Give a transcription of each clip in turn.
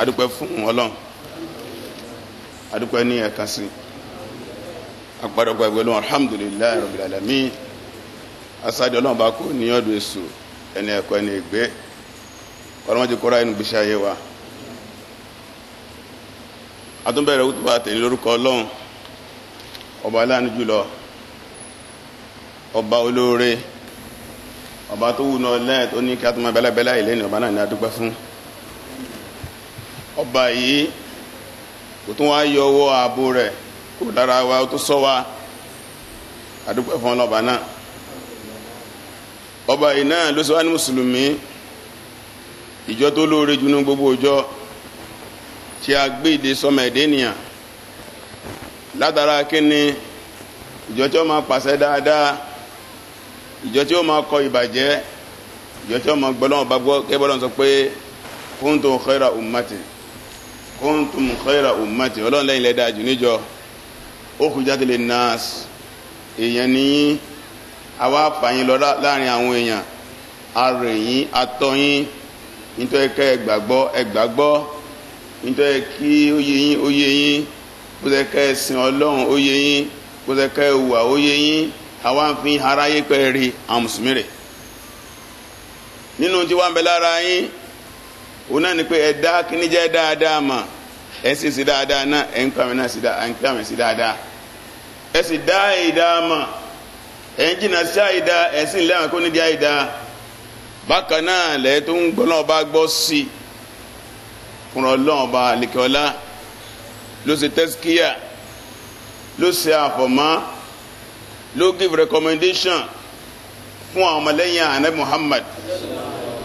adúpẹ́ fún ọlọ́run adúpẹ́ ní ẹ̀kan sí àpàdọ̀pẹ́ pẹ̀lú alhamdulilayi rabbil asadi asáde bá kó ní ọdún èso ẹni ẹkọ ẹni ẹgbẹ wa wútúbà lórúkọ ọba ọba olóore ọba tó wù tó ní kí a tó ọba yìí kò tún wá yọ ọwọ́ ààbò rẹ̀ kó lára wa ó tún sọ wa àdúgbò fún ọlọ́ba náà ọba yìí náà ló sọ wá ní mùsùlùmí ìjọ tó lóore jù ní gbogbo ìjọ tí a gbé ìdè sọmọ ẹ̀dẹ́ ènìyàn látara kíni ìjọ tí ó máa pàṣẹ dáadáa ìjọ tí ó máa kọ ìbàjẹ́ ìjọ tí ó máa gbọ́dọ̀ bá gbọ́ kébọ́dọ̀ sọ pé kuntum khaira ummati kuntum khayra ummati ọlọ́run lẹ́yìn lẹ́dá jù níjọ ukhrijat linnas èèyàn nìyí àwa fàyín lọ láàrin àwọn èèyàn arìnyìn atọ́yìn nítorí kẹ́ ẹ gbàgbọ́ ẹ gbàgbọ́ nítorí kí ó yé yín ó yé yín bó ṣe kẹ́ ọlọ́run ó yín bó ṣe kẹ́ ẹ yín àwa ń fi aráyé pẹ́ àwọn mùsùlùmí rẹ̀ nínú tí wọ́n bẹ lára yín òun náà ni pé ẹ dá kíní jẹ́ dáadáa mà ẹ sì sí dáadáa náà ẹ ń pè àmì náà sí dáadáa ẹ ń pè àmì sí dáadáa ẹ sì dá àìdá mà ẹ ń sí àìdá ẹ sì ń lé àwọn kónídìí bákan náà lẹ́yìn ń gbọ́ náà bá gbọ́ sí i fúnra bá àlekèọ́lá ló ṣe tẹ́síkíyà ló ṣe àfọ̀mọ́ ló give recommendation fún àwọn ọmọlẹ́yìn ànábì Muhammad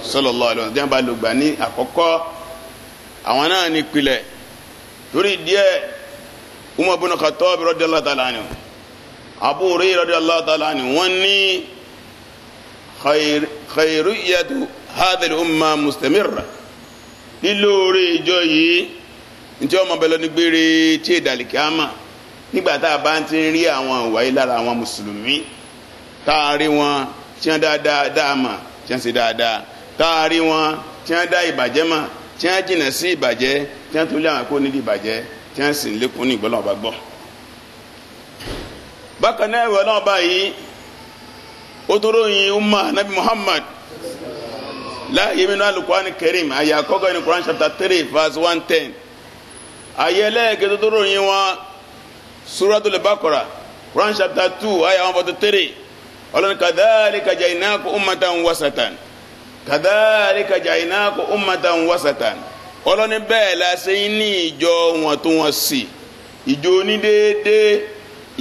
sallallahu alaihi wasallam tí wọ́n bá lò gbà ní àkọ́kọ́ àwọn náà ní pilẹ̀ torí díẹ̀ Umar bin Khattab radiyallahu ta'ala anhu Abu Hurairah radiyallahu ta'ala anhu wọ́n ní khayriyatu hadhihi umma mustamirra lílóore ìjọ yìí ntí ọmọ bẹlẹ ní gbére tí ìdàlìkí á nígbà tá a bá ti rí àwọn ìwà lára àwọn mùsùlùmí tá a rí wọn tí wọn dáadáa dáa mà tí wọn sì dáadáa táàrí wọn tí wọ́n dá ìbàjẹ́ mọ̀ tí wọ́n jìnà sí ìbàjẹ́ tí wọ́n tó lé àwọn kó nídìí ìbàjẹ́ tí sì ń lékún ní ìgbọ́lọ́ ọba gbọ́. bákan náà ìwé ó tó ròyìn umma nabi muhammad láàyè mi karim àyà àkọ́kọ́ ní quran chapter three verse one ten àyè ẹlẹ́ẹ̀kẹ́ tó tó ròyìn wọn suratul baqara quran chapter two àyà one forty three ọlọ́ni wasatan. kadhalika ja'alnakum ummatan wasatan ọlọ́ni bẹ́ẹ̀ la ṣe ń ní ìjọ wọn tó wọn sì ìjọ onídéédé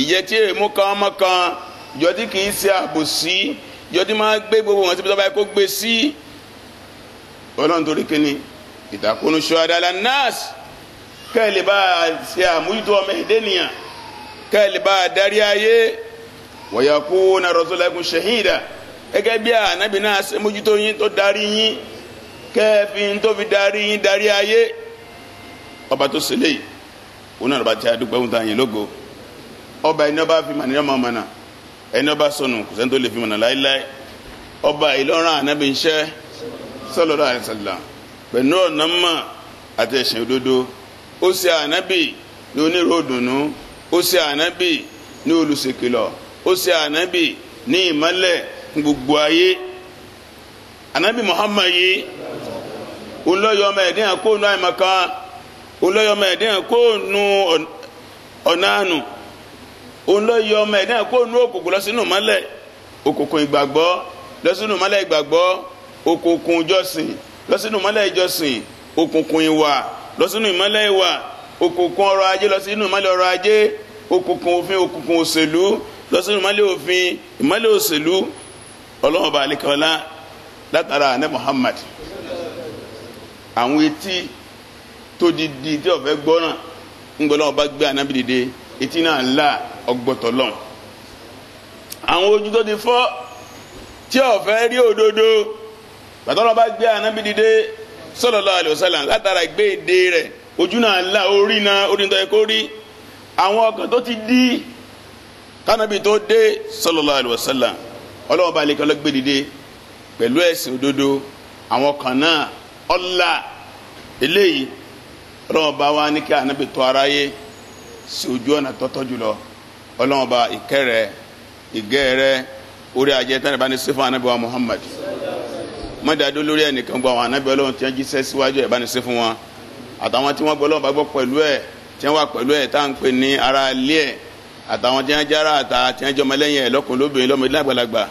ìjẹ́ tí èèmú kan ọmọ kan ìjọ tí kì í ṣe àbòsí ìjọ tí máa gbé gbogbo wọn síbi tó bá yẹ kó gbé sí ọlọ́run torí kíni ìtàkùn ṣọ́ọ́dá nọ́ọ̀sì kẹ́lẹ̀ bá a ṣe àmójútó ọmọ ẹ̀dẹ́ nìyàn bá a darí ayé wa yakuna rasulakum shahida. gẹ́gẹ́ bí ànábì náà se mójútó yín tó darí yín kẹ́ẹ̀fín tó fi darí yín darí ayé ọba tó ṣe léyìí náà lọ́ba tí a dúpẹ́ ọba ẹni ọba fi mànìyàn máa mànà ẹni ọba sọnù kò sẹ́ni tó lè fi láéláé ọba ìlọrin anabi sọlọ́dọ̀ pẹ̀lú ọ̀nà mọ̀ àti òdodo ó ní onírò ó ní gbogbo ayé anabi muhammad yìí olóyọmọ ẹ̀dín àkóònù àìmọ̀kan olóyọmọ ẹ̀dín àkóònù ọ̀nàánù olóyọmọ ẹ̀dín àkóònù òkùnkùn lọ́sínú mọ́lẹ̀ òkùnkùn ìgbàgbọ́ lọ́sínú mọ́lẹ̀ ìgbàgbọ́ òkùnkùn ìjọsìn lọ́sínú mọ́lẹ̀ ìjọsìn òkùnkùn ìwà lọ́sínú ìmọ́lẹ̀ ìwà òkùnkùn ọrọ̀ ajé lọ́sínú ìmọ́lẹ̀ ọrọ̀ ajé òkùnkùn òfin òkùnkùn òṣèlú lọ́sínú ìmọ́lẹ̀ òfin ìmọ́lẹ̀ òṣèlú ọlọ́run bá alẹ́kẹ́ ọlá látara àná Muhammad àwọn etí tó di di tí ọ̀fẹ́ gbọ́ràn ńgbọ́lọ́wọ́ gbé etí náà àwọn ojú ti fọ́ tí ọ̀fẹ́ rí òdodo bàtọ́lọ́ gbé ànábì dìde sallallahu látara gbé èdè rẹ̀ ojú náà là orí náà orí nítorí kó ti di kánábì tó dé ọlọ́wọ́n bá lẹ́kẹ́ ọlọ́gbẹ́ dìde pẹ̀lú ẹ̀sìn òdodo àwọn kan náà ọ̀la eléyìí ọlọ́wọ́n bá wá ní kí ànábì tọ́ aráyé sí ojú ọ̀nà tọ́tọ́ jùlọ ọlọ́wọ́n bá ìkẹ́ rẹ̀ ìgẹ́ rẹ̀ orí ajẹ́ tán ìbá ní sífún wa Muhammad mọ́dàdó lórí ẹnìkan gbọ́ àwọn ànábì ọlọ́wọ́n tí wọ́n jíṣẹ́ síwájú ẹ̀ bá ní sífún wọn àtàwọn tí wọ́n gbọ́ ọlọ́wọ́n bá gbọ́ pẹ̀lú ẹ̀ tí wọ́n wà pẹ̀lú ẹ̀ tá à ń pè ní ara ilé ẹ̀ àtàwọn tí wọ́n jára àtà tí wọ́n jọmọ lẹ́yìn ẹ̀ lọ́kùnrin lóbìnrin lọ́mọdé lágbàlagbà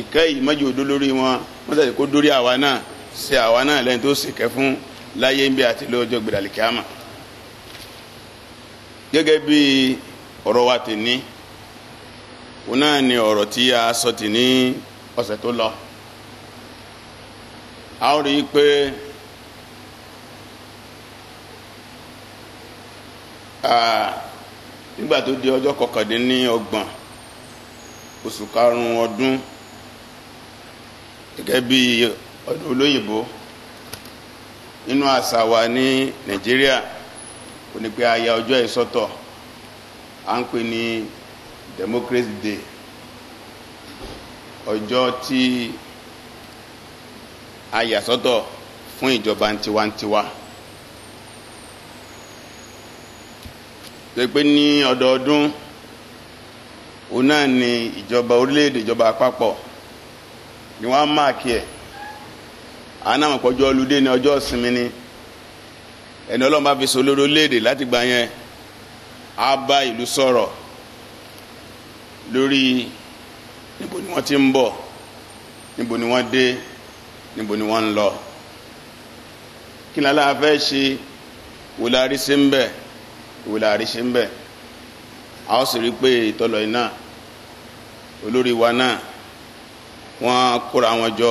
ìkẹ́ yìí mọ́jú odó lórí wọn wọ́n sàdé kó dórí àwa náà ṣe àwa náà lẹ́yìn tó sì kẹ́ fún láyé ń bí àti lọ́jọ́ gbèdàlì kíámà. gẹ́gẹ́ wa ti ní òun náà ni ọ̀rọ̀ tí a sọ ti ní ọ̀sẹ̀ tó lọ. a ó rí i pé nígbà di ọjọ́ kọkàndínlọ́gbọ̀n oṣù karùn-ún ọdún gẹ́gẹ́ bí ọdún olóyìnbó nínú àṣà wa ní Nàìjíríà kò ní pé a ọjọ́ yìí à ń pè ní Democracy Day ọjọ́ tí a yà sọ́tọ̀ fún ìjọba tiwantiwa tó pé ní ọdọọdún òun náà ni ìjọba orílẹ̀-èdè ìjọba àpapọ̀ ni wọ́n á máàkì ẹ̀ anáàmọ̀pọ̀ ọjọ́ olùdé ni ọjọ́ ìsinmi ni ẹni ọlọ́run bá fi so lóró léde láti gbà yẹn á bá ìlú sọ̀rọ̀ lórí níbo ni wọ́n ti ń bọ̀ níbo ni wọ́n dé níbo ni wọ́n ń lọ kí ni aláà fẹ́ ṣe wò sí ń bẹ̀ wò sí ń bẹ̀ a ó sì rí i pé ìtọ́lọ̀ iná olórí wa náà wọ́n kóra wọn jọ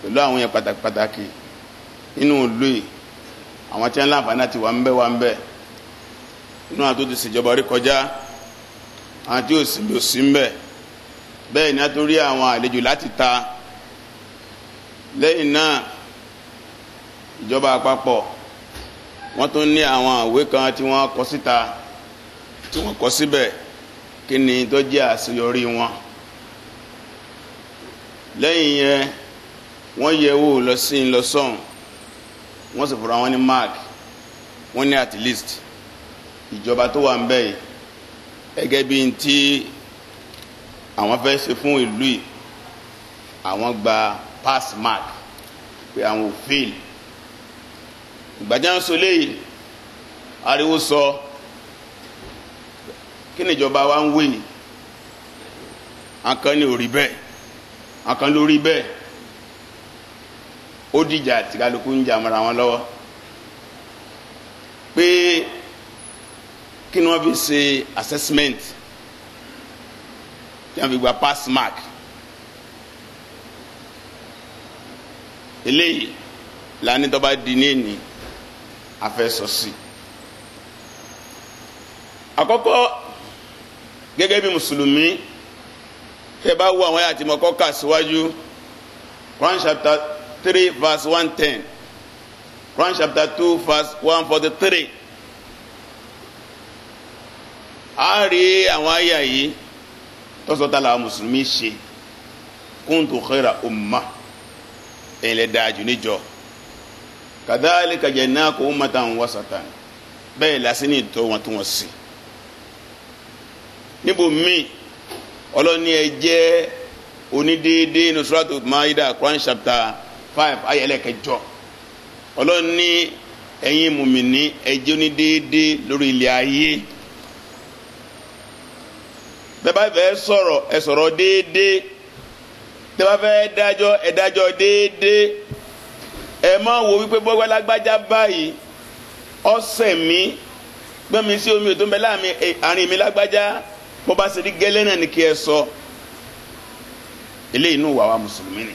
pẹ̀lú àwọn yẹn pàtàkì pàtàkì nínú ìlú yìí àwọn tí wọ́n láǹfààní àti wà ń bẹ wà ń bẹ nínú àwọn tó ti ṣèjọba rí kọjá àwọn tí ò sí bí sí ń bẹ bẹ́ẹ̀ ni a tó rí àwọn àlejò láti ta lẹ́yìn náà ìjọba àpapọ̀ wọ́n tún ní àwọn ìwé kan tí wọ́n kọ síta tí wọ́n kọ síbẹ̀ kí ni tó jẹ́ àṣeyọrí wọn lẹ́yìn yẹn wọ́n yẹ wò lọ sí lọ sọ̀n wọ́n sì fura wọn ní mark wọ́n ní at least ìjọba tó wà ń bẹ̀ yìí gẹ́gẹ́ bí n tí àwọn fẹ́ ṣe fún ìlú yìí àwọn gba pass mark pé àwọn ò fail ìgbàjá ń sọ léyìí ariwo sọ kí ni ìjọba wa ń wé yìí àǹkan ò rí bẹ́ẹ̀ àkàn lórí bẹ́ẹ̀ ó dìjà tí kálukú ń jà wọn lọ́wọ́ pé kí ni wọ́n fi ṣe assessment tí wọ́n fi gba pass mark eléyìí lani tó bá di ní èní afẹ́sọ̀sì àkọ́kọ́ gẹ́gẹ́ bí mùsùlùmí tẹ bá wo àwọn àti mọ̀kọ́ kà síwájú Quran chapter three verse one ten Romans chapter two verse one forty three a rí àwọn àyà yìí tọ́sọ̀tà làwọn mùsùlùmí ṣe kuntu khaira umma ẹ̀yin lẹ dáa jù níjọ kadhalika ja'alnakum ummatan wasatan bẹ́ẹ̀ lásìkò ní ìtọ́ wọn tó wọn sí níbo míì ọlọ́ni ẹ jẹ́ onídéédé ní suratu maida quran chapter five ayẹlẹ kẹjọ ọlọ́ni ẹ̀yin mùmìnì ẹ jẹ́ onídéédé lórí ilẹ̀ ayé bẹ́ẹ̀ bá fẹ́ sọ̀rọ̀ ẹ sọ̀rọ̀ déédé tẹ́ bá fẹ́ dájọ́ ẹ dájọ́ déédé ẹ má wo wípé bọ́gbẹ́ lágbájá báyìí ọ̀sẹ̀ mi gbẹ́mi sí omi ètò ń bẹ láàrin mi lágbájá bó bá ṣe rí gẹ́lẹ́ náà ni kí ẹ sọ eléyìí inú wàá wa mùsùlùmí ni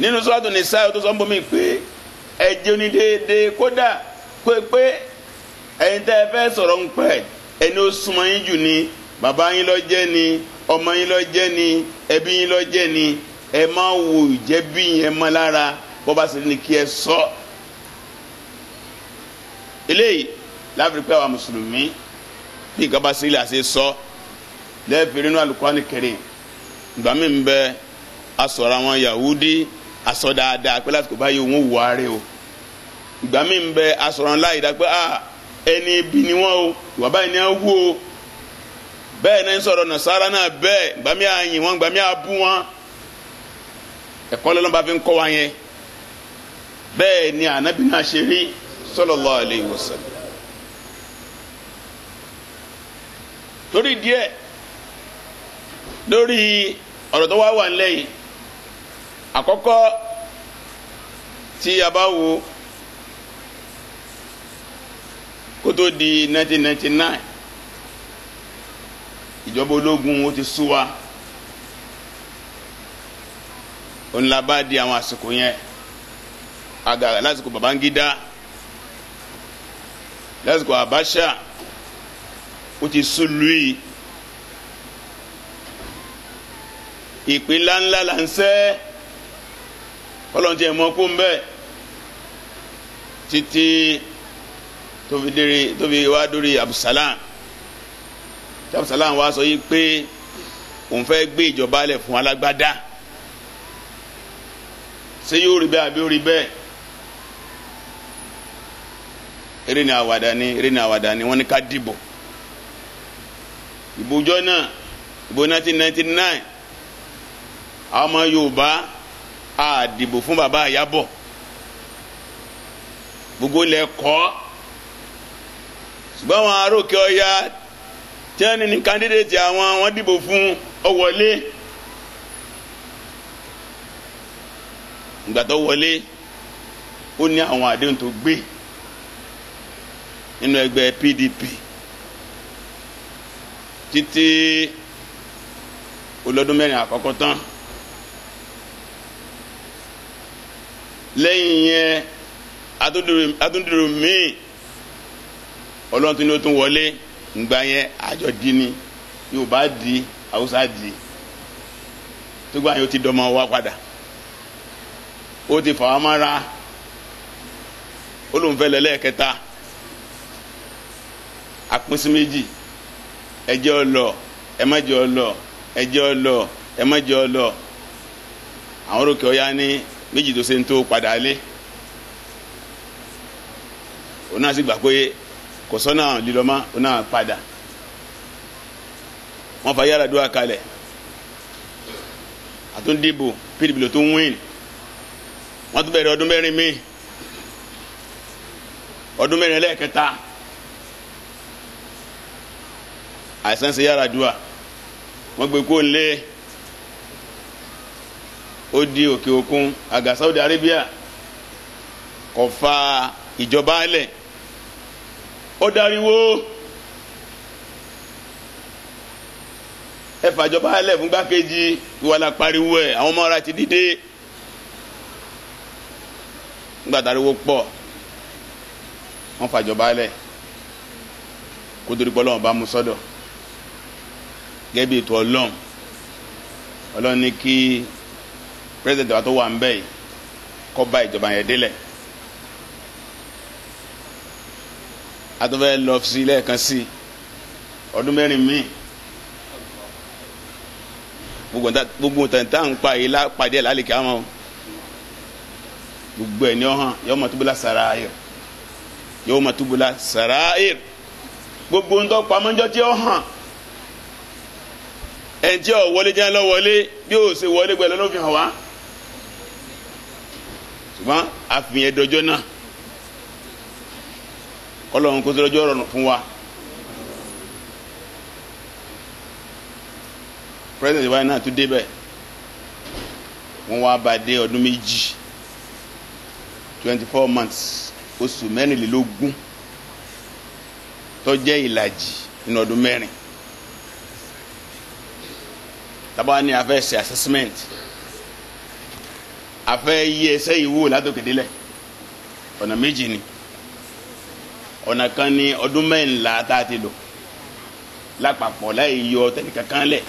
nínú sọ́dún ní sáyọ tó sọ ń bomi pé ẹ jẹ́ ní déédéé kódà pé pé ẹ̀yin tẹ́ ẹ fẹ́ sọ̀rọ̀ ń pẹ́ ẹni ó súnmọ́ yín jù ni bàbá yín ló jẹ́ ni ọmọ yín ló jẹ́ ni ẹbí yín ló jẹ́ ni ẹ má wo ìjẹ́bí yẹn mọ́ lára bó bá ṣe ní kí ẹ sọ eléyìí láfi pé àwa mùsùlùmí bí nǹkan bá sílẹ̀ àṣẹ sọ lẹ́ẹ̀fẹ̀rẹ̀ nínú Al-Qur'ani Karim ìgbà mi ń bẹ asọ̀rọ̀ àwọn Yahudi asọ̀ dáadáa pé lásìkò báyìí òun wù wáre o ìgbà mi ń bẹ asọ̀rọ̀ ńlá yìí dá pé a ah, ẹni ibi ni wọ́n o ìwà báyìí ni wọ́n wú o bẹ́ẹ̀ náà ń sọ̀rọ̀ Nasara náà bẹ́ẹ̀ ìgbà mi àyìn wọn ìgbà mi àbú wọn ẹ̀kọ́ lọ́nà bá fi ń kọ́ wa yẹn bẹ́ẹ̀ ni ànábì náà ṣe rí sallallahu alaihi wasallam. torí díẹ̀ lórí ọ̀rọ̀ tó wá wà nílẹ̀ àkọ́kọ́ tí a bá wo kó tó di 1999 ìjọba ológun ó ti sú wa ó ní la bá di àwọn àsìkò yẹn àgàrà lásìkò Babangida lásìkò Abacha ó ti sún lùí ìpè ńláńlá là ń sẹ́ ọlọ́run tiẹ̀ mọ́ kó ń bẹ́ẹ̀ títí tófi dèrè tófi wá dórí Abdulsalam tí Abdulsalam wá sọ yìí pé òun fẹ́ gbé ìjọba lẹ̀ fún alágbádá ṣé yóò rí bẹ́ẹ̀ àbí yóò rí bẹ́ẹ̀ eré ni àwàdà ni eré ni àwàdà ni wọ́n ní ká dìbò. ìbòjọ́ náà ìbò 1999 àwọn ọmọ Yorùbá àdìbò fún bàbá Ìyábọ̀ gbogbo ilẹ̀ kọ́ ṣùgbọ́n àwọn aróòkè ọya tí wọ́n ní ní kandidate àwọn wọ́n dìbò fún ó wọlé ìgbà tó wọlé ó ní àwọn àdéhùn tó gbé nínú ẹgbẹ́ PDP. títí olọ́dún mẹ́rin àkọ́kọ́ tán lẹ́yìn yẹn adúndúró míì ọlọ́run tún ní ó tún wọlé ngbà yẹn àjọ di ni yorùbá di haúsá di tó gbà yẹn ó ti dọmọ wá padà ó ti fà wá mára ó lóun lẹ́lẹ́kẹta àpínsí méjì ẹjẹ́ ọlọ ẹ má jẹ́ ọlọ ẹjẹ́ ọlọ ẹ má jẹ́ ọlọ àwọn orókè ọ̀yá ní méjì tó ṣe ń tó padà lé òun náà sì gbà pé kò sọ́nà lílọ́mọ́ òun náà padà wọ́n fa yàrá dúwà kalẹ̀ àtúndìbò pdp ló tún wíìn wọ́n tún bẹ̀rẹ̀ ọdún mẹ́rin míì ọdún mẹ́rin lẹ́ẹ̀kẹta. àìsàn ṣe yàrá dùà gbé kó lé ó di òkè òkun àgà Saudi Arabia kò fa ìjọba ale ó dariwo ẹ fàjọba alẹ̀ fún gbákejì ìwàlà pariwo ẹ àwọn ọmọ ara ti dìde nígbà tariwo pọ wọ́n fàjọba alẹ̀ kó torí pọ́ lọ́wọ́ bá mú So gẹ́gẹ́ ètò ọlọ́run ọlọ́run ní kí pírẹsidẹ̀ntì wa tó wà ń yìí kó bá ìjọba yẹn délẹ̀ atọ́fẹ́ lọ sí sí ọdún gbogbo tẹ̀ntà ń pa yìí gbogbo ẹ̀ ní ọ̀hán yọ gbogbo tí ẹnjẹ ọ wọlé jẹ lọ wọlé bí o ṣe wọlé gbẹlẹ ló fi hàn wá ṣùgbọ́n àfihàn dọjọ́ náà kọlọ́run kó dọjọ́ rọrùn fún wa. president wa náà tún débẹ̀ wọ́n wá bá dé ọdún méjì twenty four months oṣù mẹ́rìnlélógún tó jẹ́ ìlàjì nínú ọdún mẹ́rin taba ni se assessment a fẹ́ yẹ̀ ẹsẹ yìí wò látòkè délẹ̀ ọ̀nà ni ọ̀nà kan ni ọdún mẹ́ńlá tá a ti lò lápapọ̀ láì yọ tẹ́nìkan kan lẹ̀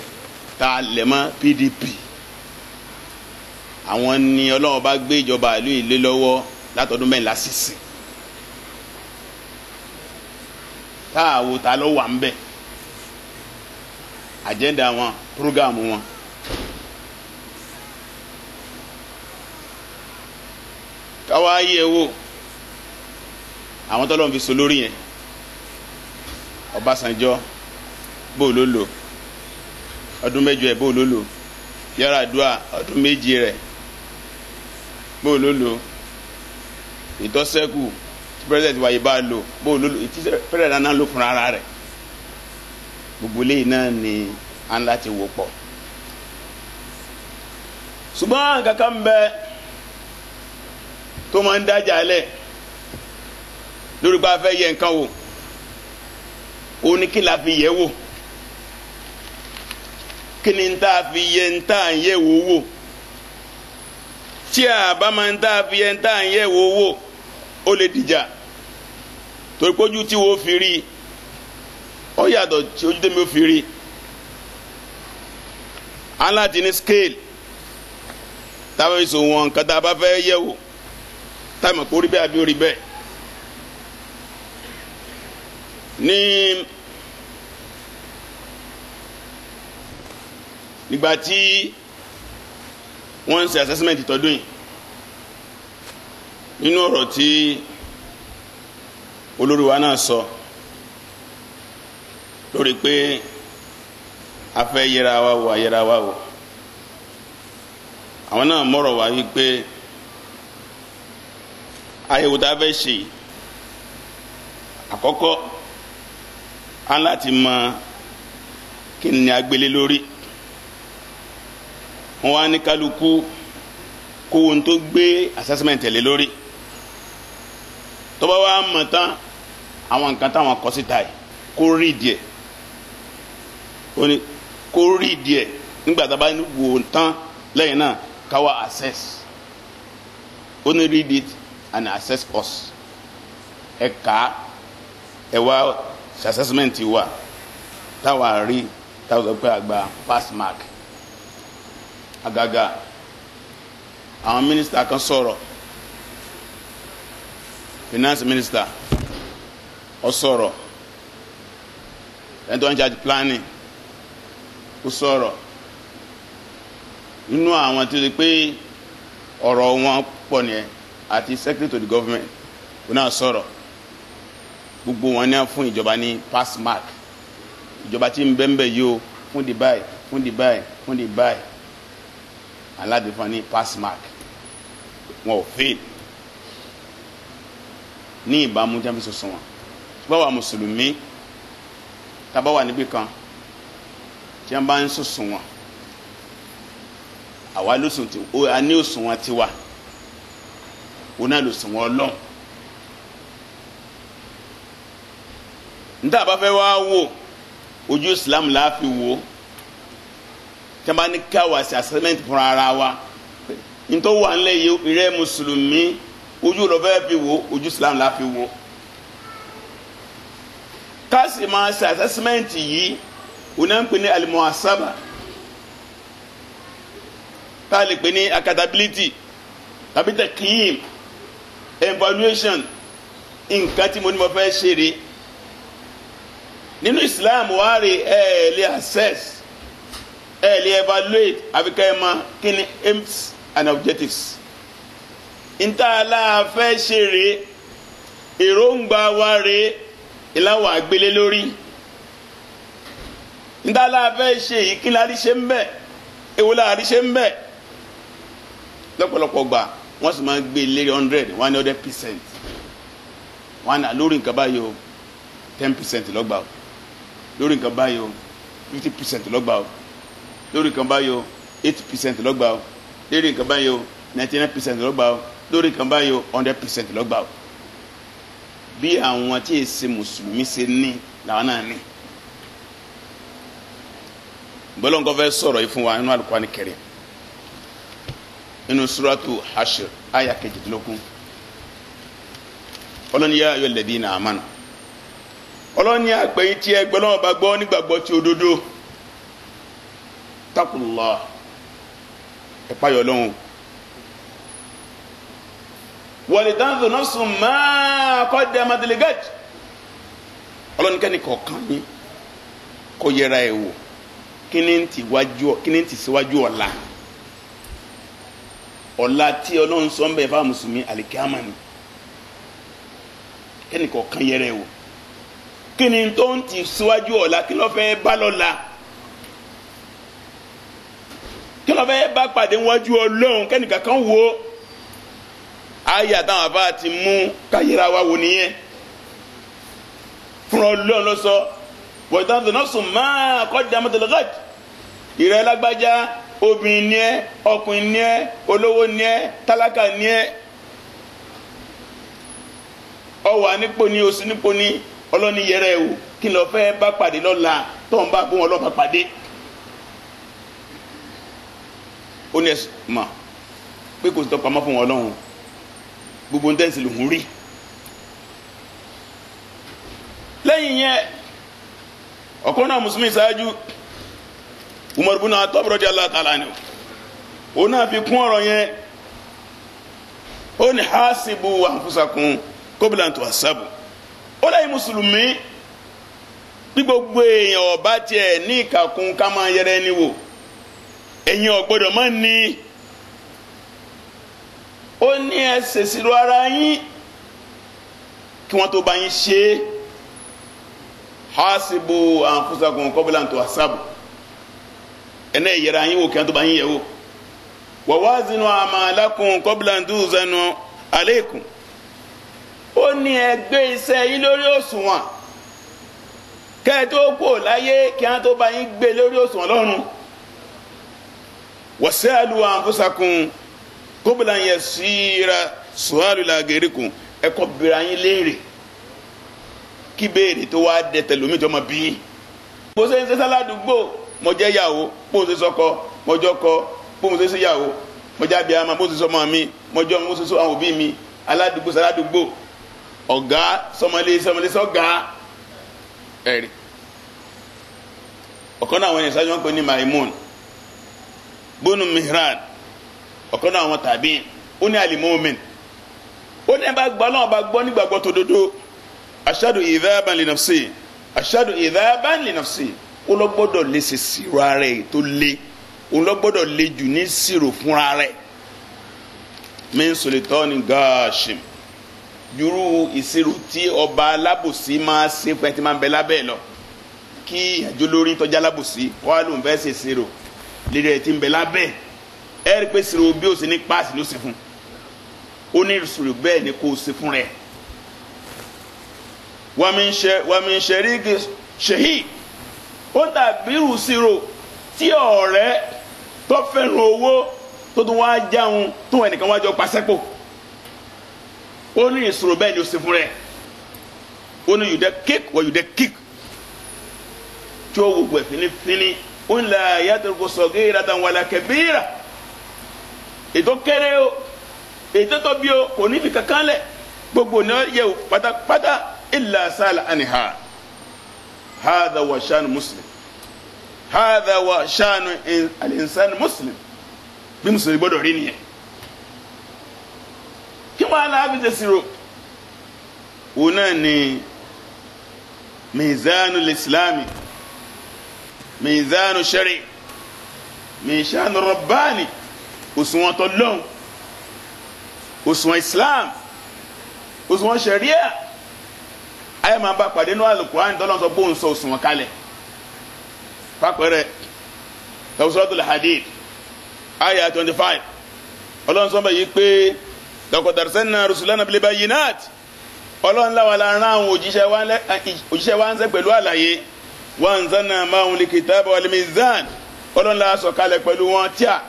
tá a lẹ̀ PDP àwọn ni ọlọ́run bá gbé ìjọba ìlú yìí lé lọ́wọ́ látọdún mẹ́ńlá sísìn tá a wò ta ló wà ń bẹ̀ agenda wọn programu wọn. káwa yẹ̀ wò àwọn tọ́lọ́run fi so lórí yẹn Ọbásanjọ́ bó ló lò ọdún mẹ́jọ ẹ̀ bó ló lò Yar'Adua ọdún méje rẹ̀ bó ló lò ìtọ́sẹ́kù tí pẹ́rẹ́sẹ̀tì wáyé bá lò bó ló lò ìtí pẹ́rẹ́sẹ̀tì náà lò fúnra rẹ̀ gbogbo eléyìí náà ni à ń láti wò pọ̀ ṣùgbọ́n kankan bẹ tó máa ń dájà lẹ̀ lórí bá a fẹ́ yẹ nǹkan wò ó ní kí la fi yẹ wò kí ni tá fi yẹ tá à ń yẹ wò wò tí a bá máa ń tá fi yẹ tá à ń yẹ wò wò ó lè dìjà torí pójú tí wo fi rí i ó yàtọ̀ tí ojú tèmi ò fi rí aláàtì ní scale táwọn èso wọn nǹkan tá a bá fẹ́ yẹ̀ wò táwọn kò rí bẹ́ẹ̀ àbí ó rí bẹ́ẹ̀ ní nígbà tí wọ́n ń ṣe assessment tọdún yìí nínú ọ̀rọ̀ tí olórí wa náà sọ. So lórí pé a fẹ́ yẹra wa wò àyẹra wa wò àwọn náà mọ̀rọ̀ wá wípé àyẹ̀wò tá a fẹ́ ṣe àkọ́kọ́ á láti mọ kí ni agbélé lórí wọn wá ní kálukú kó ohun tó gbé assessment tẹ̀lé lórí tó bá mọ̀ tán àwọn nǹkan táwọn kọ síta yìí kó rí díẹ̀ ó ní kó rí díẹ̀ nígbà tá a bá wò tán lẹ́yìn náà ká wá access ó ní read it and access us ẹ kà á ẹ wá assessment wa táwa rí táwa sọ pé àgbà pass mark agaga àwọn minister kan sọ̀rọ̀ finance minister ó sọ̀rọ̀ ẹni tó ń ṣe planning ó sọ̀rọ̀ nínú àwọn tó ṣe pé ọ̀rọ̀ wọn pọ̀ nìyẹn àti secretary to the government ó náà sọ̀rọ̀ gbogbo wọn náà fún ìjọba ní pass mark ìjọba tí ń bẹ́ẹ̀ bẹ́ẹ̀ yìí o fún Dubai fún Dubai fún Dubai aládìfọ́n ní pass mark wọn ò fail ní ìbámu jẹ́ fi sọ̀sọ̀ wọn báwa mùsùlùmí tá a bá kan tí wọ́n bá ń sùsùn wọn àwa ló sùn tí a ní òsùn wọn tiwa òun náà ló sùn wọn lọ́n. níta bá fẹ́ wá wò ojú Islam la fi wò tí wọ́n bá ní káwa sí assessment fúnra ara wa nítorí wà ńlẹ̀ yìí ìrẹ́ mùsùlùmí ojú lọ fẹ́ wò ojú Islam la fi wò ká máa ṣe assessment yìí oná ń pè ní alimuhasaba tá a lè pè ní evaluation nǹkan tí mo ní mo fẹ́ ṣe rè nínú Islam wàá rè ẹ ẹ lè assess ẹ lè evaluate àfi ká ẹ mọ̀ kí ni aims and objectives níta aláàfẹ́ ṣe rè èròǹgbà wa rè ìlàwọ̀ àgbélé lórí ńdálá fẹ́ ṣe yìí kí la rí ṣe ń bẹ̀ èwo la ń bẹ̀ lọ́pọ̀lọpọ̀ gbà wọ́n sì máa gbé lérí hundred one hundred percent wọ́n á nà lórí nǹkan báyìí o ten percent lọ́gbà o lórí nǹkan báyìí o fifty percent lọ́gbà o lórí nǹkan báyìí o eight percent lọ́gbà o lórí nǹkan báyìí o ninety nine percent lọ́gbà o lórí nǹkan báyìí o hundred percent lọ́gbà o bí àwọn tí èsì mùsùlùmí ṣe ní làwọn náà ní. gbọ́lọ́ngọ́ fẹ́ sọ̀rọ̀ yìí fún wa nínú Al-Qur'ani Karim suratu Hashr aya kejìdínlógún ọlọ́ni ayọ̀ lẹ́bí ní àmánu ọlọ́ni bá gbọ́ nígbàgbọ́ tí náà sùn máa kọ́ kọ̀ọ̀kan kíni ti wájú kíni ti síwájú ọ̀la ọ̀la tí ọlọ́run sọ ń bẹ̀ fáwọn mùsùlùmí àlìkíámà ni kẹ́nìkan kan yẹrẹ o kíni tó ń ti síwájú ọ̀la kí ló fẹ́ bá lọ́la kí ló fẹ́ bá pàdé wájú ọlọ́run kẹ́nìkan kan wo ayé àtàwọn àbá ti mú káyéra wa wò nìyẹn fúnra ọlọ́run ló wọ̀tánzọ̀ náà sùn máa kọ́jà mọ́tòlọ́gàd ìrẹ́ lágbájá obìnrin ni ẹ ọkùnrin ni ẹ olówó ni ẹ tálákà ni ẹ ọwà nípò ni oṣù nípò ni ọlọ́ni yẹrẹ o kí n lọ fẹ́ bá pàdé lọ́la tó ń bá bóun ọlọ́ba pàdé ó ní ẹ̀sùn mà pé kò sí tọpamọ́ fún wọn ọlọ́run gbogbo ń tẹ̀sí lòún rí lẹ́yìn yẹn ọkùnrin náà mùsùlùmí ṣáájú umar bin Khattab radiyallahu ta'ala anhu o náà fi kún ọ̀rọ̀ yẹn ó ní hasibu anfusakum qabla an tuhsabu ó lẹ́yìn mùsùlùmí bí gbogbo èèyàn ọba tiẹ̀ ní ìkàkùn ká máa yẹrẹ ẹni wò ẹ̀yin ọ̀gbọ́dọ̀ máa ní ó ní ẹ ṣèṣirò ara yín kí wọ́n tó bá yín ṣe é. hasibu anfusakum qabla an tuhasabu ẹnẹ yẹra anyi wo kẹn tó bá yin yẹ wa wazinu amalakum qabla an tuzanu aleikum o ni ẹ gbé iṣẹ́ yín lórí òṣùwọ̀n kẹ́ tó kó láyé kí á tó bá yín gbé lórí òṣùwọ̀n lọ́rùn wasalu anfusakum qabla an yasira su'alu la gerikum ẹ kọ́ bira yín léèrè kí béèrè tó wá dẹ tẹlómi tó mọ bí. mo ṣe ń ṣe sáládùúgbò mo jẹ́ yàwó mo ṣe sọkọ mo jọkọ mo ṣe ṣe yàwó mo jẹ́ abiyamọ mo ṣe sọmọ mi mo jọ mo ṣe sọ àwọn òbí mi aládùúgbò sáládùúgbò ọ̀gá sọmọlé sọmọlé sọ̀gá ẹ̀rí ọ̀kan náà àwọn ènìyàn sáájú wọn pè ní maimun bónú mihran ọ̀kan náà àwọn tàbí ó ní alimomin ó ní ẹ bá gbọ́ náà bá gbọ́ nígbàgbọ́ tòdodo ashadu idhaban li nafsi ashadu idhaban li nafsi ó lọ gbọ́dọ̀ lè ṣe sírò ara ẹ̀ tó le ó lọ gbọ́dọ̀ lè jù ní sírò fúnra rẹ̀ min sulitani gaashim juru ìṣirò tí ọba alábòsí máa ṣe fún ẹ ti máa ń bẹ lábẹ́ ẹ lọ kí ìyàjọ lórí tọ́jú alábòsí wàá lóun fẹ́ ṣe ìṣirò lérí ẹ ti ń bẹ lábẹ́ ẹ rí i pé ìṣirò bí ó ṣe ní páàsì ló ṣe fún un ó ní wàmíṣẹ́ríkì ṣèhí ó dàbírù sírò tí ọ̀rẹ́ tó fẹ́ràn owó tó tún wáá jáun tó ẹnìkan wáá jọ pàṣẹ́pò ó ní ìṣòro bẹ́ẹ̀ ni ó ṣe fún rẹ̀ ó ní yùdẹ́ kík wọ yùdẹ́ kík tí ó gbogbo ẹ̀ fínífíní ó ń la yàtọ̀kọ sọ̀gẹ́yìrà tàn wàlà ètò kéré o ètò tóbi o kò ní fi kankan lẹ̀ gbogbo ní ọ yẹ o pátápátá illa sala anha hadha wa shanu muslim hadha wa shanu al-insan muslim bí mùsùlùmí gbọ́dọ̀ rí nìyẹn kí wọn aláàbí jẹ sírò òun náà ni mizanu lislami mizanu shari mizanu rabbani òṣùwọ̀n tọlọ́hun òṣùwọ̀n islam òṣùwọ̀n sharia ayé máa bá pàdé nínú alukur'an tó lọ́n sọ bóun sọ òṣùwọ̀n kalẹ̀ pápẹ́rẹ́ tawusatul hadid aya twenty five ọlọ́run sọ́nbẹ̀ yìí pé lọ́kọ̀dàrísẹ́nà rusulana bil bayinat ọlọ́run láwa la rán àwọn òjíṣẹ́ wa ń sẹ́ pẹ̀lú àlàyé wa anzalna ma'ahum likitaba wal mizan ọlọ́run la sọ kalẹ̀ pẹ̀lú wọn tíà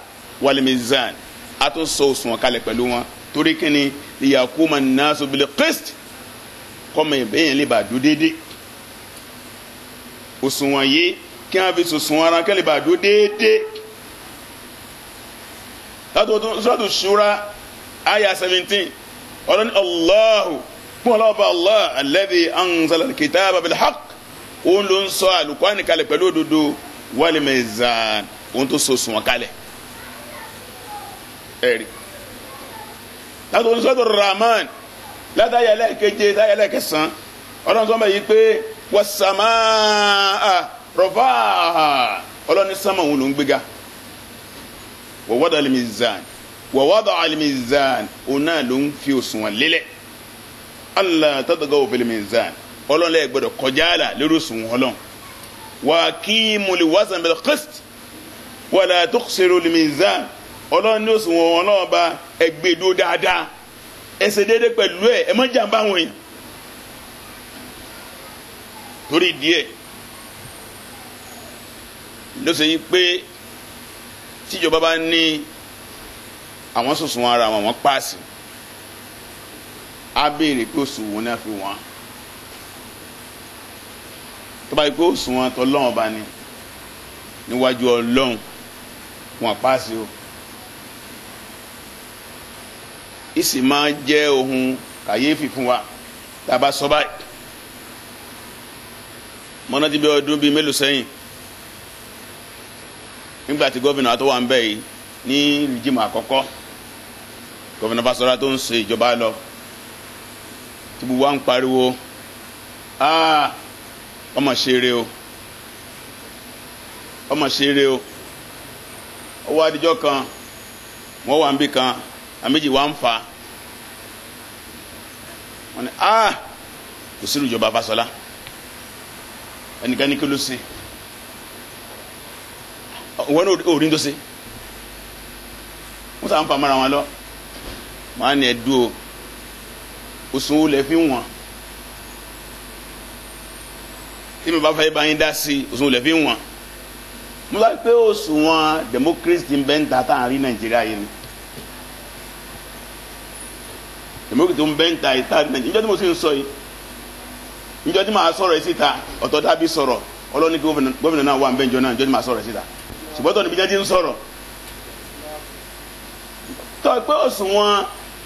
wal mizan a tún sọ òṣùwọ̀n kalẹ̀ pẹ̀lú wọn torí kíni liyakuma nnasu bil qist kọ́mọ ìbéèyàn lè bá dúró déédéé òṣùwọ̀n yìí kí wọ́n fi sòṣùwọ̀n ara kẹ́ lè bá dúró déédéé látò ṣúra àyà seventeen ọlọ́ni Allahu kún ọlọ́ọ̀bá Allah alladhi anzala al-kitaba bil-haqq òun ló ń sọ àlùkọ́ni kalẹ̀ pẹ̀lú òdodo wal-mizan òun tó sòṣùwọ̀n kalẹ̀ ẹ̀rí látò ṣúra tó Rahman látàyà ẹlẹ́ẹ̀keje látàyà ẹlẹ́ẹ̀kẹsàn ọlọ́run tó ń bẹ̀ yìí pé wàsàmà rọ̀fà ọlọ́run ní sánmà òun ló ń gbéga wọ̀wọ́dà alimizan wọ̀wọ́dà alimizan òun náà ló ń fi òṣùwọ̀n lélẹ̀ allah tàdàgà òfin alimizan ọlọ́run lẹ́yìn gbọ́dọ̀ kọjá àlà lórí òṣùwọ̀n ọlọ́run wà kí muliwasan bẹ̀rẹ̀ kristi wàlà tó ṣèrò alimizan ọlọ́run ní òṣùwọ̀n ọlọ́run bá ẹgbẹ́ e dúró dáadáa ẹ ṣe déédé pẹ̀lú ẹ̀ ẹ má jàǹbá àwọn èèyàn torí díẹ̀ ló ṣe yí pé tíjọba bá ní àwọn sùnsùn ara wọn wọn paasi á béèrè pé oṣù wọn náà fi wọn tó bá yẹ pé oṣù wọn tọ́ lọ́wọ́ bá ní níwájú ọlọ́run wọn paasi o. isi maa jẹ́ ohun kàyéfì fún wa tá a bá sọ báyìí mọ́nàdí bí ọdún bíi mélòó sẹ́yìn nígbà tí gómìnà tó wà ń bẹ̀ yìí ní rìjìmọ̀ àkọ́kọ́ gómìnà Fasọlá tó ń ìjọba lọ tí wa ń pariwo ọmọ ṣeré o ọmọ o ọwọ́ adijọ́ kan wọ́n wà ń kan. àméjì wá ń fa wọn ni ah kò sí ìjọba Fáṣọlá ẹnìkan ní kí ló ṣe wọn ní òòrí tó ṣe wọn sàn fa mara wọn lọ màá ní ẹdú o òsùn wo lẹ fi ń wọn tí mi bá fẹ́ bá yín dá sí òsùn wo lẹ fi ń wọn mo sọ pé òsùn wọn democracy ti ń bẹ́ ń ta tá à ń rí Nàìjíríà yìí ni. èmi tó ń bẹ́ ń ta ìta nàìjíríà níjọ́ tí mo sì ń sọ yìí níjọ́ tí màá sọ̀rọ̀ yìí síta ọ̀tọ̀ dábì sọ̀rọ̀ ọlọ́ni kí gómìnà náà wà ń bẹ́ ń jọ náà níjọ́ tí màá sọ̀rọ̀ yìí síta ṣùgbọ́n tó níbi jẹ́ ti ń sọ̀rọ̀ tọ́ pé òṣùwọ̀n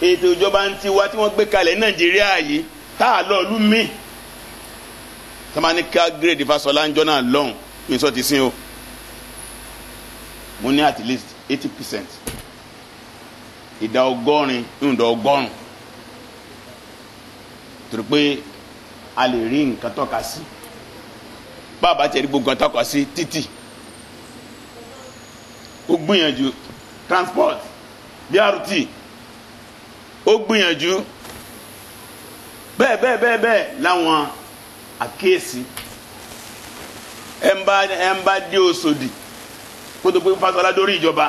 ètò ìjọba ń tiwa tí wọ́n gbé kalẹ̀ nàìjíríà yìí tá a lọ lú mí tamani ká gírèdì Fáṣọlá ń jọ náà lọ́hùn mi sọ ti sin o mo ní at least eighty percent ìdá ọgọ́rin ìdá ọgọ́rùn-ún torí pé a lè rí nǹkan tọ́ka sí bàbá tẹ̀lé gbogbo nǹkan tọ́ka sí títì ó gbìyànjú transport BRT ó gbìyànjú bẹ́ẹ̀ bẹ́ẹ̀ bẹ́ẹ̀ bẹ́ẹ̀ láwọn àkíyèsí ẹnba ẹnba dé Òṣòdì kótó pé Fáṣọlá dórí ìjọba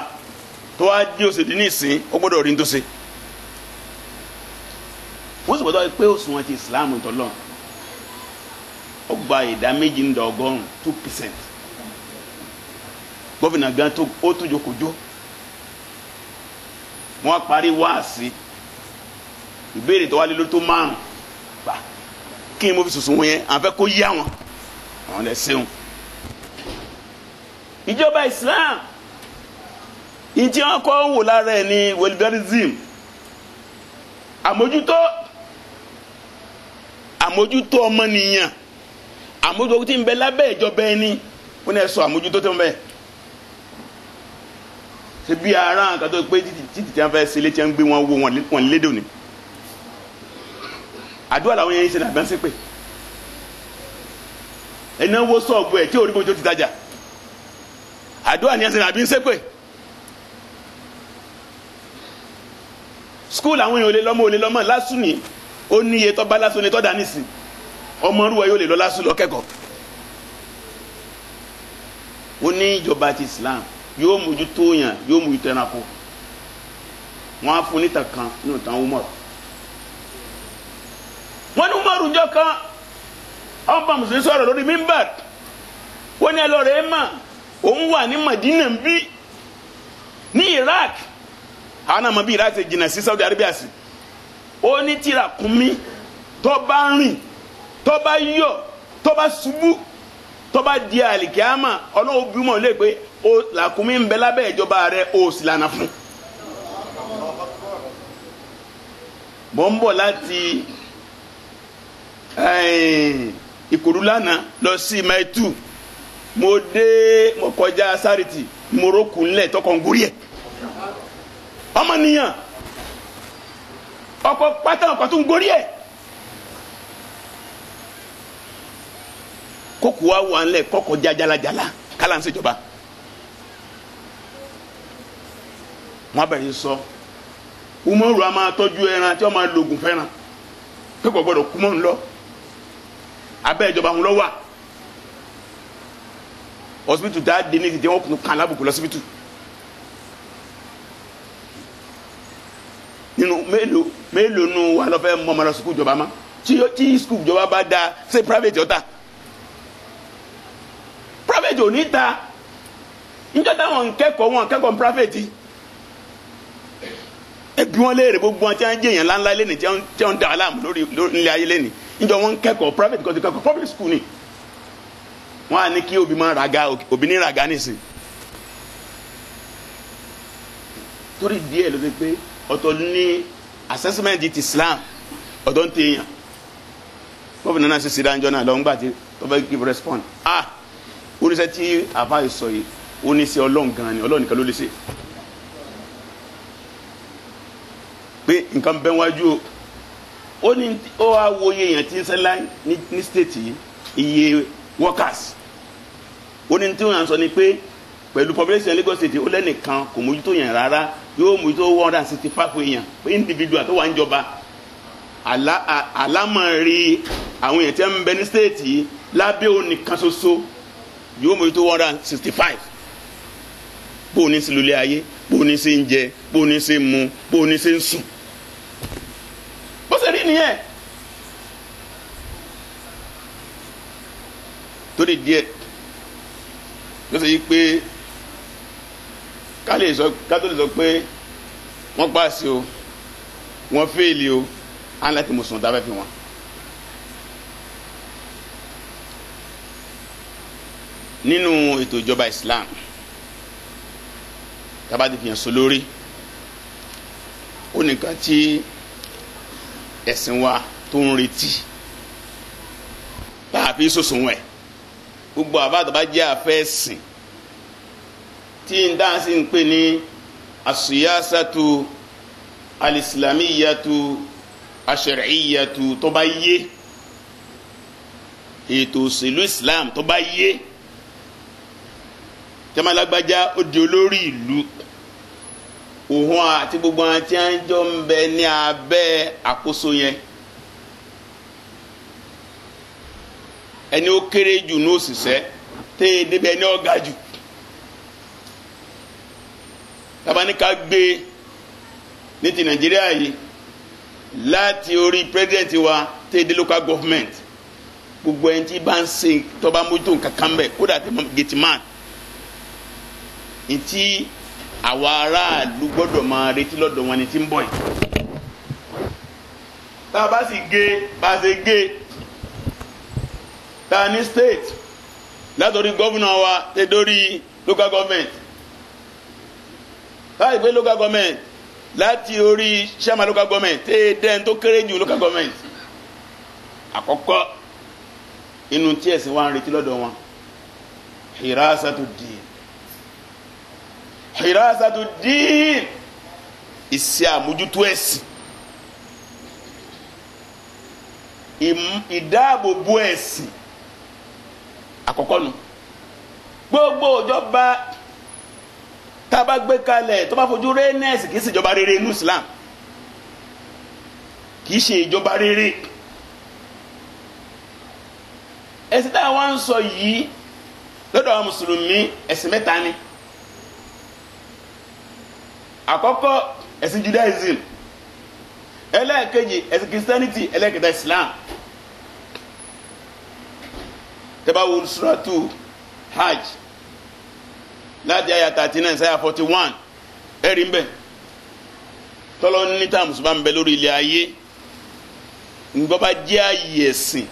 tó wá dé Òṣòdì ní ìsín ó gbọ́dọ̀ rí ní tó ṣe mùsùlùmí tó pé òṣùwọ̀n ti islam tọ́lọ̀ ó gba ìdá méjì ń da ọgọ́rùn two percent gómìnà gan tó ó tún jokòjó wọ́n parí wáàsí ìbéèrè tó wá lé lórí tó márùn gbà kí ni mo fi sùsùn wọn yẹn àfẹ́ kó yá wọn àwọn lè ṣeun ìjọba islam ìjì kọ́ ń wò lára ẹ̀ ní welgarism àmójútó àmójútó ọmọnìyàn àmójútó tí ń bẹ lábẹ́ ìjọba ẹni ó ní ẹ sọ àmójútó tó ń bẹ ṣe bí ara nǹkan tó pé títí tí wọn fẹ́ ṣe létí wọn gbé wọn wo wọn lédè òní àdúrà làwọn yẹn ń ṣe ní àgbẹ̀nsẹ̀ pé ẹni sọ̀gbọ̀ ẹ̀ tí orí bójú ti tajà àdúrà ni ẹ̀ ṣe ní àbí ń ṣe pé. skul àwọn èèyàn ò lọ́mọ ò lọ́mọ lásùnì ó ní iye tọ́ba lásán lè tọ́da ọmọ rúwa yóò lè lọ lásán lọ kẹ́kọ̀ọ́ ó ní ìjọba Islam yóò mójútó yàn yóò mójútó ẹranko wọn á fún níta kan nínú tán Umaru wọn ní kan ọba mùsùlùmí sọ̀rọ̀ lórí wọn ní ẹlọ́rẹ̀ ẹ̀ mà òun wà ní Madina bí ní Iraq àwọn àmọ́ bí Iraq ṣe jìnnà ó ní tí ràkúnmí tó bá rìn tó bá yọ̀ tó bá ṣubú tó bá di àlìkíámà ọlọ́wọ́ bímọ pé ìjọba rẹ̀ ó sì lànà fún. mo ń bọ̀ láti ìkòrú lánàá lọ sí maitu mo dé mo kọjá sáréti mo rókun ọmọ nìyàn. ọkọ̀ pátá ọkọ̀ tó ń gorí ẹ̀ kókò wa wà ńlẹ̀ kọ́kọ́ já jalajala kálá ń ṣèjọba wọn bẹ̀rẹ̀ sọ umaru a máa tọ́jú ẹran tí wọ́n máa lògùn fẹ́ràn pé kò gbọ́dọ̀ kú mọ́ ń lọ abẹ́ ìjọba ń lọ wà hospital tá a dé ní ti tí wọ́n kàn lábùkù lọ́sibítù. nínú mélòó mélòó nu wa lọ fẹ́ mọ ọmọ lọ sukuu jọba ma tí tí sukuu jọba bá da ṣe private ọ̀tà private ò ní ta níjọ́ táwọn nkẹ́kọ̀ọ́ wọn kẹ́kọ̀ọ́ private ẹbí wọn léèrè gbogbo wọn tí wọn jẹ èèyàn ńláńlá lẹ́nìí tí wọn da aláàmú lórí nílé ayé lẹ́nìí níjọ́ wọn kẹ́kọ̀ọ́ private kọ́ ti kẹ́kọ̀ọ́ public school ni wọn á ní kí òbí máa ràga òbí ní ràga nísìn torí díẹ̀ ló ti pé ọ̀tọ̀ ní assessment ti Islam ọ̀tọ̀ ń tẹ̀yàn gọ́fìnà náà ṣe ṣe dáńjọ́ náà lọ́ngbà tí tó bá give respond ah oníṣẹ́ tí àbá ìsọ yìí oníṣẹ́ ọlọ́run gan ni ọlọ́run nìkan ló lè ṣe pé nǹkan bẹ́ẹ̀ wájú o ó ní ó wá wo iye èèyàn tí ń sẹ́lá ní state yìí iye workers ó ní tí wọ́n sọ ni pé pẹ̀lú population Lagos state ó lẹ́nìkan kò mójútó yẹn rárá yóò mójútó one hundred and sixty five èèyàn pé individual tó wà ń jọba àlámọ̀rí àwọn èèyàn tí ń bẹ ní state yìí lábẹ́ òní kan ṣoṣo yóò mójútó one hundred and sixty five bó o ní sí lulẹ̀ ayé bó o ní sí ń jẹ bó o ní sí ń mu bó o ní sí ń sùn bó ṣe rí nìyẹn. torí díẹ̀ ló ṣe pé ká lè sọ ká tó lè sọ pé wọ́n paasi o wọ́n fẹ́ẹ̀lì o á láti mùsùlùmí tá a fẹ́ fi wọn. nínú ètò ìjọba Islam tábà ti fìyàn sólórí ó nìkan tí ẹ̀sìn wa tó ń retí tá a fi sòsò wọn ẹ̀ gbogbo àbá àtàbà jẹ́ àfẹ́ ẹ̀sìn tí n dá sí ń pè ní asiyasatu alisilamiyyatu ashar'iyyatu tó bá yé ètò òṣèlú islam tó bá yé jamalagbaja ó di olórí ìlú òhun àti gbogbo àwọn tí wọn jọ ń bẹ ní abẹ́ àkóso yẹn ẹni ó kéré jù ní òṣìṣẹ́ téèdébẹ ní ọ̀gá jù tabaníka gbé ní ti nàìjíríà yìí láti orí president wa tẹ́ẹ̀dé local government gbogbo ẹni tí bá ń ṣe tọ́ba mójútó nǹkan kan kódà tẹ́ gate man ntí àwa aráàlú gbọ́dọ̀ máa retí lọ́dọ̀ wọn ni tí ń bọ̀ yìí tá a bá sì gé bá a ṣe gé tá a ní state látọ̀rí gómìnà wa tẹ́ dórí local government báyìí pé local government láti orí sẹ́mà local government tẹ́ ẹ dẹ́n tó kéré jù local government àkọ́kọ́ inú tí ẹ̀sìn wa ń retí lọ́dọ̀ wọn hirasatu din hirasatu din ìsì àmójútó ẹ̀sìn ìdáàbòbò ẹ̀sìn àkọ́kọ́ nu gbogbo ìjọba tá a bá gbé kalẹ̀ tó bá fojú renes kì í ṣe ìjọba rere inú Islam kì í ṣe ìjọba rere ẹ̀sìn tá a wá ń sọ yìí lọ́dọ̀ àwọn mùsùlùmí ẹ̀sìn mẹ́ta ni àkọ́kọ́ ẹ̀sìn Judaism ẹlẹ́ẹ̀kejì ẹ̀sìn Christianity ẹlẹ́ẹ̀kẹta Islam tẹ́ bá wo suratu hajj láti àyà thirty nine sáyà forty one ẹ̀rí ń bẹ tọ́lọ́ ní tá àmùsùn bá ń bẹ lórí ilé ayé ǹgbọ́ bá jẹ́ àyè ẹ̀sìn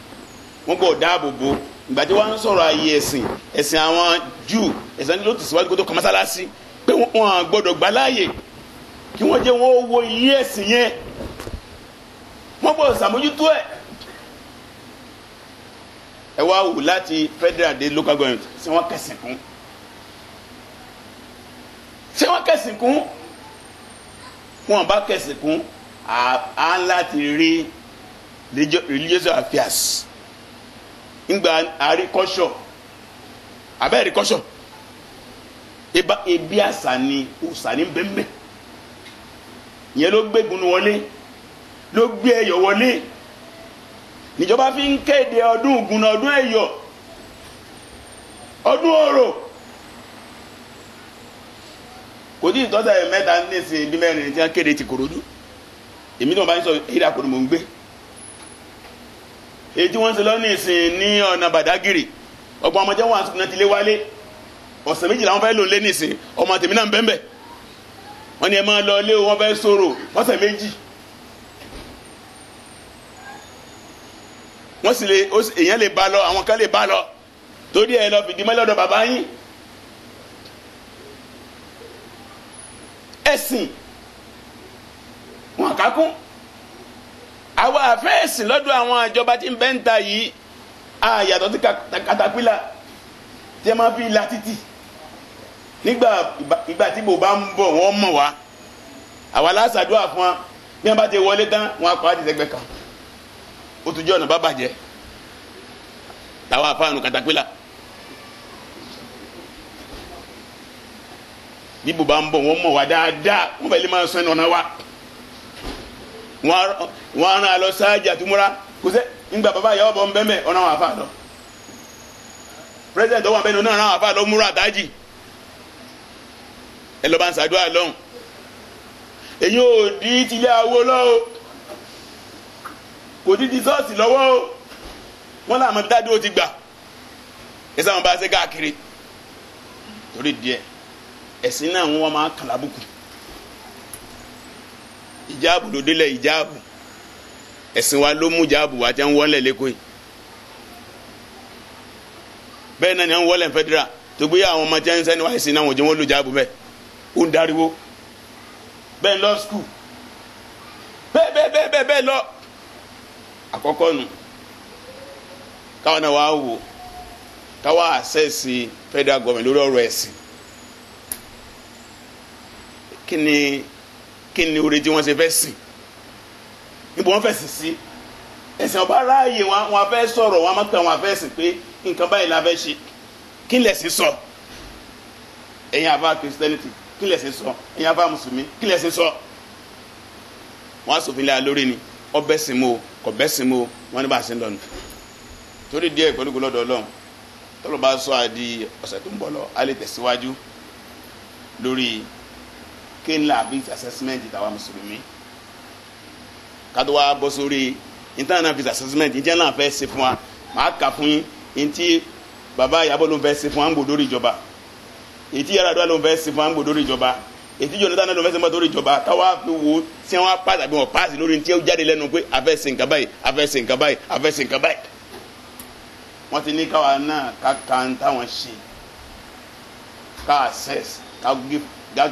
wọ́n gbọ́ dáàbò bo ìgbà tí wọ́n á ń sọ̀rọ̀ àyè ẹ̀sìn ẹ̀sìn àwọn Júù ẹ̀sìn ló ti síwájú kó tó kọ́ mọ́sálásí pé wọ́n gbọ́dọ̀ gbà láàyè kí wọ́n jẹ́ wọ́n wo ilé ẹ̀sìn yẹn wọ́n gbọ́dọ̀ sàmójútó ẹ̀ ẹ wá wù láti federal de local government ṣé wọ́n kẹsìn kún kẹ̀sìn kún wọn bá kẹ̀sìn kún à ń láti rí religious affairs ngba àríkọ́ṣọ̀ abẹ́ àríkọ́ṣọ̀ ìbá ebi àṣà ni òòṣà ní bẹ́ẹ̀mẹ́ yẹn ló gbégun wọlé ló gbé ẹyọ wọlé níjọba fi ń kéde ọdún ògùn ọdún ẹyọ ọdún orò kò tí ì tọ́sẹ̀ mẹ́ta ní ìsìn bí mẹ́rin tí wọ́n kéde ti korodu èmi náà bá ń sọ ìdá kò ní mò ń gbé èyí tí wọ́n ń ṣe lọ́nà ìsìn ní ọ̀nà bàdágìrì ọgbọ́n ọmọdé wọn àti nàtìlé wálé ọ̀sẹ̀ méjìlá wọn fẹ́ lò lé nìsín ọmọ tèmi náà ń bẹ́ẹ̀ bẹ́ẹ̀ wọ́n ẹ máa lọ ilé wọn fẹ́ sọ̀rọ̀ ọ̀sẹ̀ méjì wọ́n sì lè èèyàn lè bá lọ àwọn kan lè bá lọ torí ẹ lọ fìdí mọ́lẹ́ ọ̀dọ̀ bàbá yín ẹ̀sìn wọn kà kún àwa àfẹ́ẹ̀sìn lọ́dọ̀ àwọn ìjọba tí ń bẹ́ ń ta yìí àyàtọ̀ tí katapila tí a máa fi la títì nígbà ìgbà tí bò bá ń bọ̀ wọ́n mọ̀ wá àwa lásàdúrà fún wa bí wọ́n bá ti wọlé tán wọ́n á pa á dìtẹ́gbẹ́ kan ó tún jẹ́ ọ̀nà bá bàjẹ́ làwọn àfáànù katapila. níbo bá ń bọ̀ wọ́n mọ̀ wá dáadáa wọ́n fẹ́ lè máa sọ ẹnu ọ̀nà wa wọ́n á lọ sáájà tó kò sẹ́ ńgbà bàbá ìyá ọ̀bọ̀ ńbẹ́mẹ̀ ọ̀nà àwọn àfa lọ president ọwọ́ abẹ́nu náà rán àwọn àfa lọ múra àtàjì ẹ lọ́ba ń ṣàdúrà lọ́hùn èyí ò dí tilé awo lọ́wọ́ kò dí di sọ́ọ̀sì lọ́wọ́ o wọ́n làwọn dáadé ó ti gbà ẹ sáwọn bá ṣe káàkiri torí díẹ̀ ẹ̀sìn náà wọ́n máa kàn lábùkù ìjáàbù ló délẹ̀ ìjáàbù ẹ̀sìn wa ló mú ìjáàbù wa jẹ́ ń wọ́lẹ̀ lẹ́kọ̀ọ́ yìí bẹ́ẹ̀ náà ni wọ́n wọ́lẹ̀ fẹ́dírà tó gbé àwọn ọmọ jẹ́ ń sẹ́ni wá ẹ̀sìn náà wọ́n jẹ́ wọ́n lò ìjáàbù bẹ́ẹ̀ ó ń dariwo bẹ́ẹ̀ lọ skul bẹ́ẹ̀ bẹ́ẹ̀ bẹ́ẹ̀ bẹ́ẹ̀ bẹ́ẹ̀ lọ àkọ́kọ́ nu káwọn náà wá wò káwọn àṣẹ́sì federal government lórí ọ̀rọ̀ ẹ̀sìn kí ni kí ni oore tí wọ́n ṣe fẹ́ sìn níbo wọ́n fẹ́ sìn sí ẹ̀sìn ọba aráàyè wọn wọn fẹ́ sọ̀rọ̀ wọn máa pẹ́ wọn fẹ́ sìn pé nǹkan báyìí la fẹ́ ṣe kí lẹ̀ sí sọ ẹ̀yin àbá christianity kí lẹ̀ sí sọ ẹ̀yin àbá mùsùlùmí kí lẹ̀ sí sọ wọn asòfin lẹ́yà lórí ni ọbẹ̀ sìn mọ́ kọ̀bẹ̀ sìn mọ́ wọn ní bá a ṣe ń lọ nù torí díẹ̀ pẹ̀lú gbọ́dọ̀ ọlọ́run tọ́lọ́ bá sọ àdí ọ̀sẹ̀ tó ń bọ̀ lọ á tẹ̀síwájú lórí kéńlá àbí assessment tàwa mùsùlùmí kátó wa bọ́ sórí internal visa assessment ìjẹ́ náà fẹ́ ṣe fún wa màá kà fún yín ntí bàbá ìyàbọ̀ ló ń fẹ́ ṣe fún wa ń gbò lórí ìjọba ètí yàrá àdúrà ló ń fẹ́ ṣe fún wa ń gbò lórí ìjọba ètí jonathan náà ló ń fẹ́ ṣe fún wa lórí ìjọba táwa fi wo tí wọn pass àbí wọn pass lórí ntí ó jáde lẹ́nu pé àfẹ́ ṣe nǹkan báyìí àfẹ́ ṣe nǹkan báyìí àfẹ́ ṣe nǹkan báyìí wọ́n ti ní káwa náà ká kan táwọn ṣe ká access ká give ká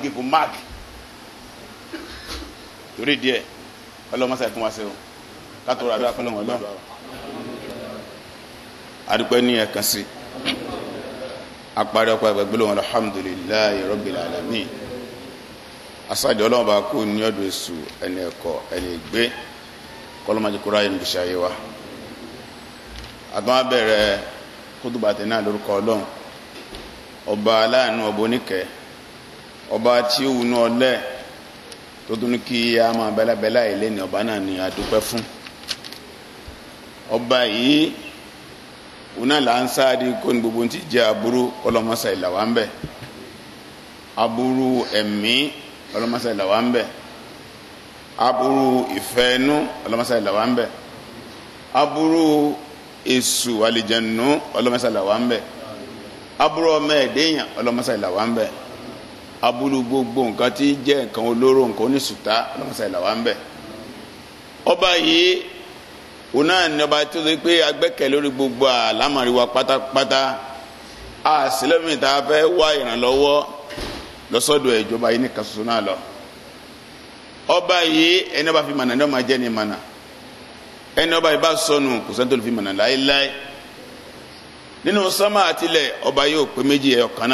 torí díẹ̀ ọlọ́mọṣà ìkún wa ṣe kátó ra àdúrà fọlọ́wọ́n náà adúpẹ́ ní ẹ̀kan sí apárí ọkọ̀ ẹgbẹ̀gbẹ̀ lọ́wọ́n alhamdulillahi bá kú ní ọdún ẹni ẹkọ ẹni kúrò ayé wa abẹ́rẹ́ náà lórúkọ ọlọ́run ọba aláàánú ọba tí ó wù tó tún ní kí a máa bẹ́lábẹ́lá ilé ní ọba náà ni a dúpẹ́ fún ọba yìí òun náà là ń sáárí kó ní gbogbo ti jẹ́ aburú kọlọmọsà ìlà wa ń bẹ̀ aburú ẹ̀mí kọlọmọsà ìlà wa ń bẹ̀ aburú ìfẹ́nú kọlọmọsà ìlà wa ń bẹ̀ aburú èṣù àlìjẹ̀nú kọlọmọsà ìlà wa ń bẹ̀ aburú ọmọ ẹ̀dẹ́yàn kọlọmọsà ìlà wa ń bẹ̀ abulu gbogbo nkan ti jẹ nkan olóró nkan oníṣùtá ọlọ́mọṣẹ́ ìlà wa ọba yìí òun náà ní ọba tó pé lórí gbogbo àlámọ̀rí wa pátápátá àṣìlẹ́mì tá a fẹ́ wá ìrànlọ́wọ́ lọ́sọ́dọ̀ ìjọba yìí nìkan náà lọ. ọba yìí ọba fi mànà ní ọmọ ajẹ́ ni mànà ẹni ọba yìí bá sọnù kò ọba pé méjì ẹ̀ ọ̀kan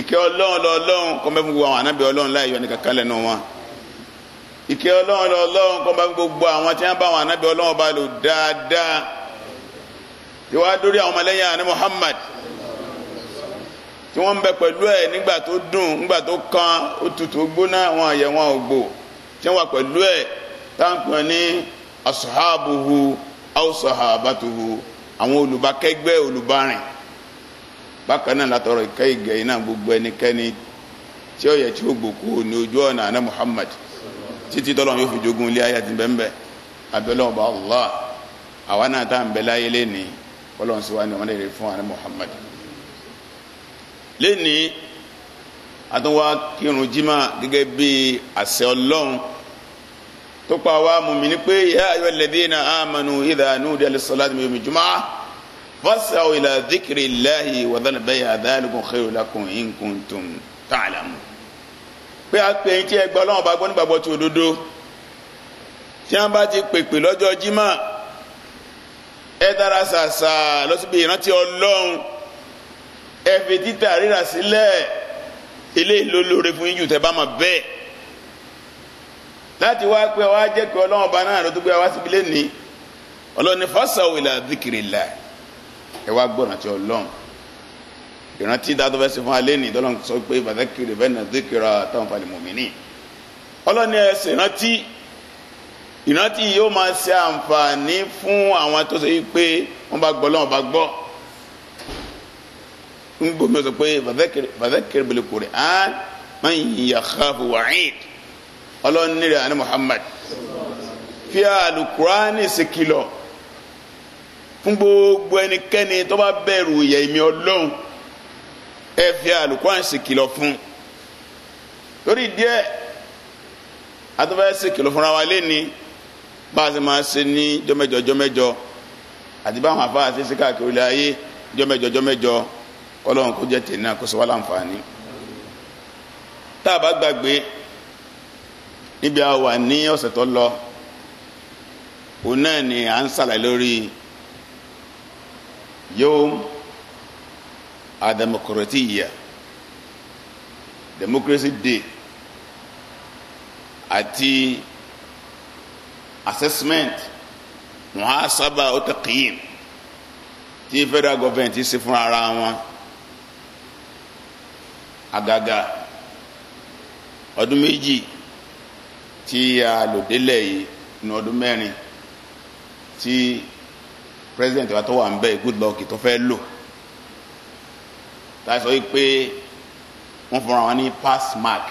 ike ọlọ́run lọ́lọ́run kọ́ bá gbogbo àwọn ànábì ọlọ́run láì yọ nìkan kan lẹ́nu wọn ìkẹ́ ọlọ́run lọ́lọ́run kọ́ bá gbogbo àwọn tí wọ́n bá àwọn ànábì ọlọ́run bá lò dáadáa ìwà lórí àwọn ọmọlẹ́yìn Muhammad tí wọ́n bẹ pẹ̀lú ẹ̀ nígbà tó dùn nígbà tó kan ó tutù gbóná àyẹ̀ wọn ò gbò tí wọ́n wà pẹ̀lú ẹ̀ ní bákan náà látọrọ ìkẹ́ ìgẹ̀ iná gbogbo ẹnikẹ́ni tí ó yẹ tí ó gbòkú ní ojú ọ̀nà àná Muhammad títí tọ́lọ́ yóò fi jogun ilé ayé àti bẹ́ẹ̀ abẹ́lẹ́ ọba Allah àwa náà tá à ń bẹ láyé lẹ́ni ọlọ́run sì wá ní ọmọdé fún àná Muhammad lẹ́ni àtúnwá kírun jimá gẹ́gẹ́ bí àṣẹ ọlọ́run tó pa wá mú mi ní pé yá ayọ̀ lẹ́bí náà amanu idha nudiya lis-salati fasaw ila dhikri llahi wa dhal bay'a dhalikum khayrun lakum in kuntum ta'lamun. pé a pè é tí ẹ gbọ́ ọlọ́run bá gbọ́ nígbàgbọ́ tí òdodo tí wọ́n bá ti pèpè lọ́jọ́ jimá ẹ dára ṣàṣà lọ síbi ìrántí ọlọ́run ẹ fi títà rírà sílẹ̀ eléyìí ló fún yín jù bá mọ̀ bẹ́ẹ̀ láti wá pé wá jẹ́ pé ọlọ́run bá náà ló tó gbé wá síbi lẹ́nìí ọlọ́run ni fasaw ila dhikri llahi ẹ wá gbọ́ràn tí ọlọ́run ìrántí dáadọ́ fẹ́ ṣe fún alẹ́ ní ìdọ́lọ́run sọ pé bàtàkìrì bẹ́ẹ̀ náà dékìrà táwọn falẹ̀ mọ̀mìnì ọlọ́ni ẹsẹ̀ ìrántí ìrántí yóò máa ṣe àǹfààní fún àwọn tó ṣe yí pé wọ́n bá gbọ́ lọ́wọ́ bá gbọ́ ń gbòmí sọ pé bàtàkìrì bẹ̀lẹ̀ kò rẹ̀ án máa ń yà káfù wàhíd ọlọ́ni rẹ̀ àní Muhammad fi àlùkùránì sí kìlọ̀ fún gbogbo ẹnikẹ́ni tó bá bẹ̀rù ìyà èmi ọlọ́run ẹ fi àlùkùránì ṣèkìlọ̀ fún lórí díẹ̀ atọ́fẹ́ ṣèkìlọ̀ fúnra wa lẹ́ni bá a ṣe máa ṣe ní jọmẹjọ jọmẹjọ àti báwọn afáà ṣe ṣe káàkiri láàyè jọmẹjọ jọmẹjọ kọlọ́run kó jẹ́ tèmi náà kó sọ wá láǹfààní tá a bá gbàgbé níbi a wà ọ̀sẹ̀ tó lọ òun náà ni à ń ṣàlàyé lórí yawm ademokratiya democracy day àti assessment muhasaba otaqiyim tí federal government ṣe fún ara wọn àgàgà ọdún méjì tí a lò délẹ̀ yìí ní ọdún mẹ́rin tí president wa tó wà ń bẹ Goodluck tó fẹ́ lò tá a sọ yìí pé wọ́n fọra wọn ní pass mark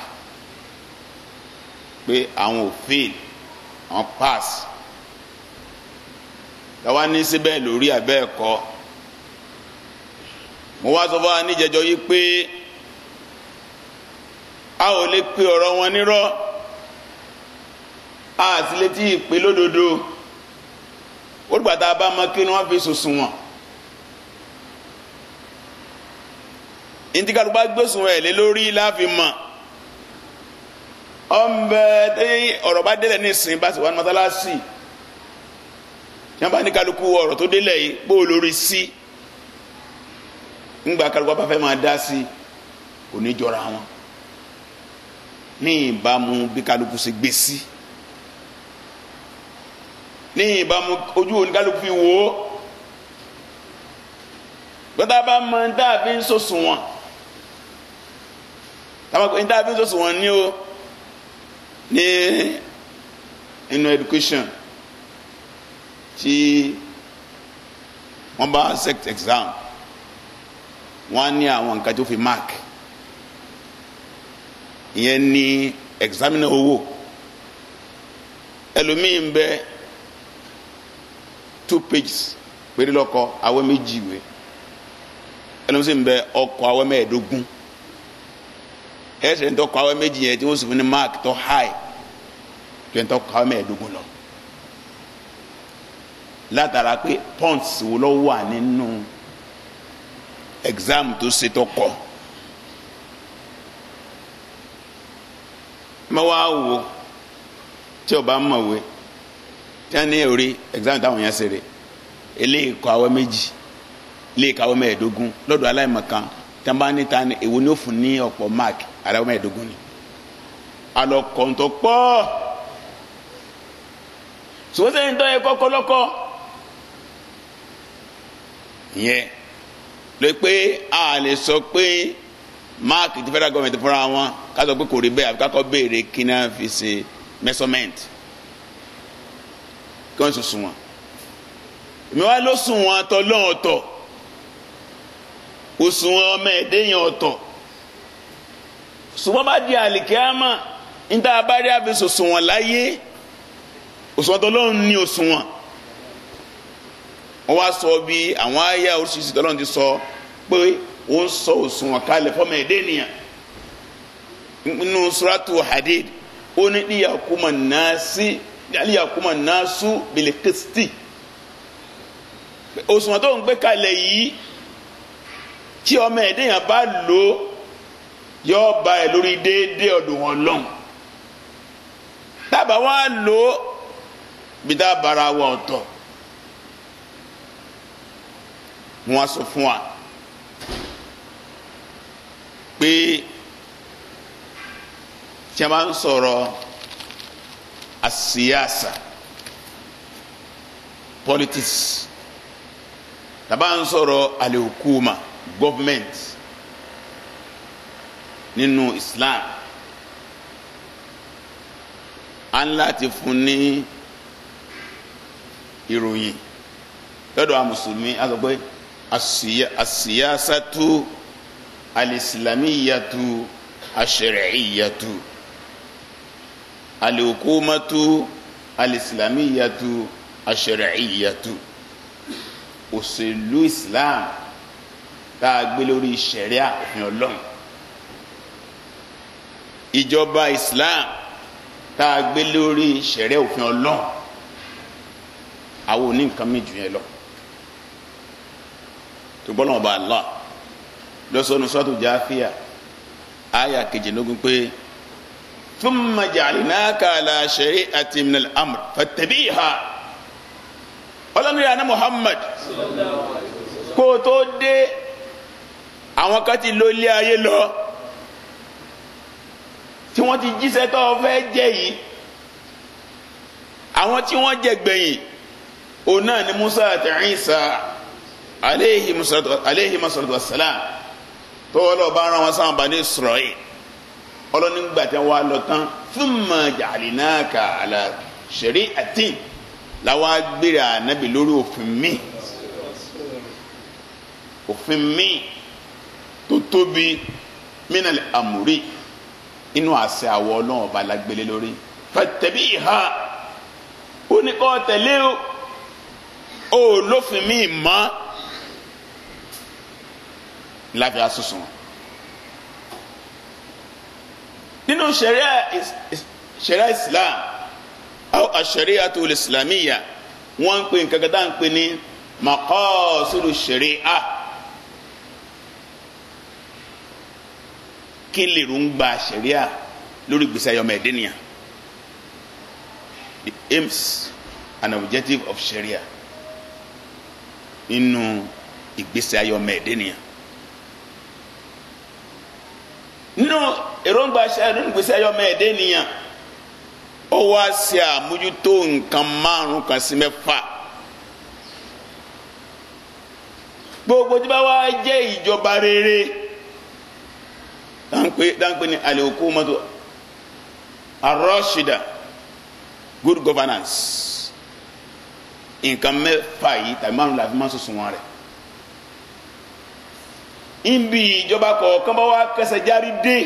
pé àwọn ò fail àwọn pass táwa ní síbẹ̀ lórí abẹ́ ẹ̀kọ́ mo wá sọ fún wa níjẹjọ yìí pé a ò lè pe ọ̀rọ̀ wọn nírọ́ a sì lè tí ì lódodo ó dìgbà tá a bá mọ kí ni wọ́n fi sùsùn wọn. ntikalu bá gbósùn ẹ̀ lé lórí láàfin mọ̀ ọ̀nbẹ tẹ́yìn ọ̀rọ̀ bá délẹ̀ ní ìsìn bá sì wà ní mọ́tálásì tí wọ́n bá ní kálukú ọ̀rọ̀ tó délẹ̀ yìí pé olórí sí ńgbà kálukú bá fẹ́ máa dá sí kò ní jọra wọn ní ìbámu bí kálukú ṣe gbé sí. Si ní ìbámu ojú oníkálukú fi wò ó gbọ́dọ̀ bá mọ dáàbí ń sòsùn wọn táwọn dáàbí ń sòsùn wọn ní o ní inú education tí wọ́n bá sect exam wọ́n ní àwọn nǹkan tó fi mark ìyẹn ní examiner owó ẹlòmíín bẹ́ẹ̀ two pages péré lọkọ awẹ́ méjì ìwé ẹlẹ́nu sì ń bẹ ọkọ̀ awẹ́ mẹ́ẹ̀ẹ́dógún ẹ̀sẹ̀ ń tọkọ̀ awẹ́ méjì yẹn tí wọ́n sì fún ní mark tó high tó ń tọkọ̀ awẹ́ mẹ́ẹ̀ẹ́dógún lọ látara pé pọ́ǹsì wo ló wà nínú exam tó ṣe tó kọ. mẹ́wàá wo tí o bá mọ̀ wé tí wọ́n exam táwọn yẹn ṣeré eléyìí kọ àwọn méjì eléyìí kọ àwọn mẹ́ẹ̀ẹ́dógún lọ́dọ̀ aláìmọ̀kan bá ní ni èwo ni ó fún ní ọ̀pọ̀ mark ara àwọn mẹ́ẹ̀ẹ́dógún ni alọ́kọ̀ǹtọ̀ pọ̀ sòwòsàn tó yẹ kọ́kọ́lọ́kọ́ yẹn ló pé a lè sọ pé mark ti federal government fúnra wọn ká sọ pé kò rí bẹ́ẹ̀ àbíkákọ́ béèrè kí náà fi ṣe measurement tó ń sùn wọn èmi wá ló sùn wọn àtọ lọ́n ọ̀tọ̀ òsùn wọn ọmọ ẹ̀dẹ́yìn ọ̀tọ̀ ṣùgbọ́n bá di àlìkíyàmà níta bá rí àfẹsọ̀ sùn wọn láyé òsùn ọ̀tọ̀ lọ́n ní òsùn wọn wọ́n wá sọ bí àwọn àyà oríṣiríṣi tọ́lọ́run ti sọ pé wọ́n sọ òsùn wọn kalẹ̀ fọmọ ẹ̀dẹ́nìyàn nínú suratu hadid ó ní ìyàkùmọ̀ náà sí ali yakuma nasu bilikisti òṣùwọ̀n tó ń gbé kalẹ̀ yìí tí ọmọ ẹ̀dẹ́yàn bá lò yọ ba ẹ̀ lórí déédéé ọ̀dùn wọn lọ́hùn tábà wọn á lò bìtá bara wa ọ̀tọ̀ wọn sọ fún wa pé tí a máa ń sọ̀rọ̀ asiyasa politics taba ń sọ̀rọ̀ alihukuma government nínú islam a ń láti fún ní ìròyìn lọ́dọ̀ àwọn mùsùlùmí a sọ pé alihukumatu alisilamiyatu ashariyatu òṣèlú islam tá a gbé lórí sẹ̀ríà òfin ọlọ́run ìjọba islam tá a gbé lórí sẹ̀ríà òfin ọlọ́run àwọn oní nǹkan mi jù yẹn lọ tó bọ́ lọ́wọ́ bá a lọ lọ́sọ̀nù sọ́tò jáfíà àyà kejìlélógún pé. ثم جعلناك ala shari'ati من الأمر amr fattabi'ha ọlọ́nìyà محمد؟ Muhammad kó o tó dé àwọn kan ti lo ilé ayé lọ tí wọ́n ti jíṣẹ́ tó o fẹ́ jẹ yìí àwọn tí wọ́n jẹ gbẹ̀yìn òun náà ni Musa àti Isa aleyhi musalatu wassalam tó wọ́n lọ́ọ́ ara wọn sáwọn bani Israel ọlọ́ni gbàtẹ́ wa lọ tán thumma ja'alinaka ala shari'atin làwọn agbèrè ànábì lórí òfin mi òfin mi tó tóbi minal amuri inú àṣẹ àwọ ọlọ́run ọba la gbélé lórí fẹtẹ̀bí ìhà ó ní kọ́ tẹ̀lé o ó lófin mi mọ́ láfi asosùn nínú sẹ̀ríà islam aw asẹ̀ríà tó lè islamiyà wọ́n ń pè nǹkan kan tá à ń pè ní maqasidu sẹ̀ríà kí lè ló ń gba sẹ̀ríà lórí gbèsè ayọ̀mọ̀ ẹ̀dẹ́nìyà the aims and objective of sẹ̀ríà nínú ìgbésẹ̀ ayọ̀mọ̀ ẹ̀dẹ́nìyà nínú èròǹgbà sẹ́yìn nínú gbèsè ayọ́ mẹ́ ẹ̀dẹ́ nìyàn ó wá ṣe àmójútó nǹkan márùn kan sí mẹ́fà gbogbo tí bá wá jẹ́ ìjọba rere dáńpé dáńpé ní al-hukumatu ar-rashida good governance nǹkan mẹ́fà yìí tàbí márùn la fi máa sọ̀sùn wọn rẹ̀ nbi ìjọba kọ̀ọ̀kan bá wa kẹsẹ̀ járí dé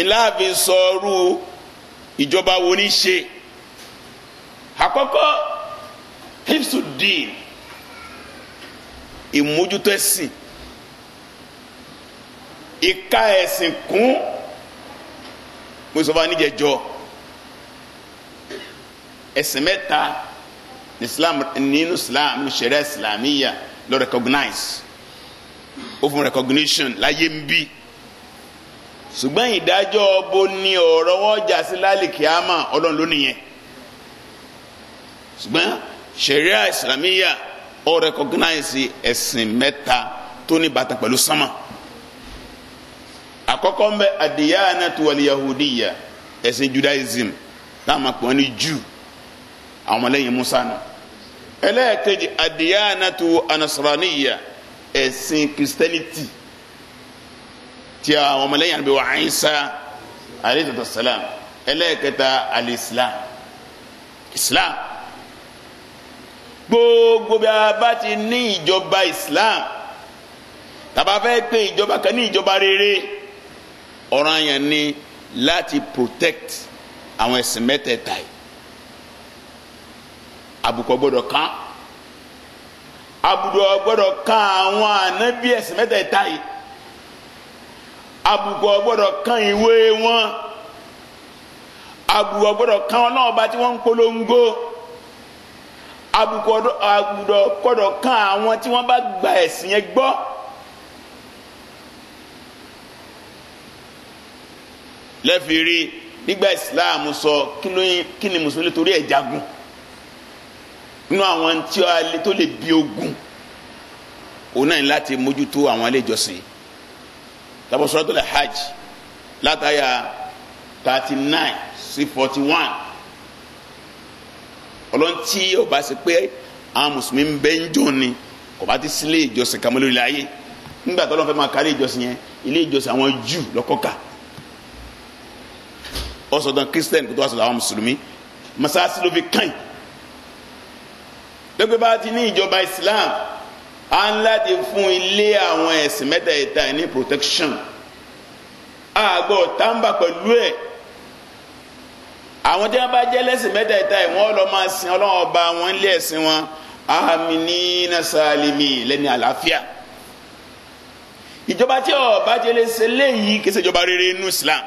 ìlààfin sọ̀rọ̀ ìjọba wo ní ṣe àkọ́kọ́ hipsudin ìmójútó ẹ̀sìn ìka ẹ̀sìn kún mùsùlùmí níjẹ̀jọ́ ẹ̀sìn mẹ́ta ní islam nínú islam ní sẹ̀rẹ̀ islamiyya ló recognize. ó fún recognition láyé ń bí ṣùgbọ́n ìdájọ́ bó ní ọ̀rọ̀ wọn jà sí lálìkí àmà ọlọ́run ló nìyẹn ṣùgbọ́n sharia islamiyya ó recognize ẹ̀sìn mẹ́ta tó ní bàtà pẹ̀lú sánmà àkọ́kọ́ ń bẹ adiyanatu wal yahudiyya ẹ̀sìn judaism táwọn àpọ̀ ní Jù àwọn ọmọlẹ́yìn Musa ẹlẹ́ẹ̀kejì ẹ̀sìn Christianity ti àwọn ọmọlẹ́yìn àbí wa Isa alayhi salam ẹlẹ́ẹ̀kẹta al-Islam Islam gbogbo bí a bá ti ní ìjọba Islam tàbá fẹ́ pé ìjọba kan ní ìjọba rere ọ̀ràn yẹn ni láti protect àwọn ẹ̀sìn mẹ́tẹ̀ẹ̀ta yìí àbùkù gbọ́dọ̀ kàn abudu ọgbọ́dọ̀ kan àwọn ànábì ẹ̀sìn mẹ́tẹ̀ẹ̀ta yìí abudu ọgbọ́dọ̀ kan ìwé wọn abudu ọgbọ́dọ̀ kan Ọlọ́run bá tí wọ́n ń polongo abudu ọgbọ́dọ̀ kan àwọn tí wọ́n bá gba ẹ̀sìn yẹn gbọ́. lẹ́fìrí nígbà Islam sọ kí ni mùsùlùmí torí ẹ̀ jagun. E nínú àwọn tí a lè tó lè bí ogun òun náà ní láti mójútó àwọn ilé ìjọsìn lábọ̀ suratul hajj látàyà thirty nine sí forty one ọlọ́ntì ò bá ṣe pé àwọn mùsùlùmí ń bẹ́ ń jò ni kò bá ti sílé ìjọsìn kàmú lórí ayé nígbà tó lọ́n fẹ́ máa kárí ìjọsìn yẹn ilé ìjọsìn àwọn jù lọ́kọ́ka ọ̀sọ̀dọ̀ christian kó tó wá sọ̀dọ̀ àwọn mùsùlùmí masasi ló fi kàn yìí lọ́pẹ́ bá ti ní ìjọba Islam á ń láti fún ilé àwọn ẹ̀sìn mẹ́tẹ̀ẹ̀ta ní protection àgbọ̀ tàǹbà pẹ̀lú ẹ̀ àwọn tí wọ́n bá jẹ́ lẹ́sìn mẹ́tẹ̀ẹ̀ta ẹ̀ wọ́n lọ máa sin Ọlọ́run ọba wọn lé ẹ̀sìn wọn àmì ní nasalimi lẹ́ni àlàáfíà ìjọba tí ọba ti lè ṣe léyìí kì í ṣe ìjọba rere inú Islam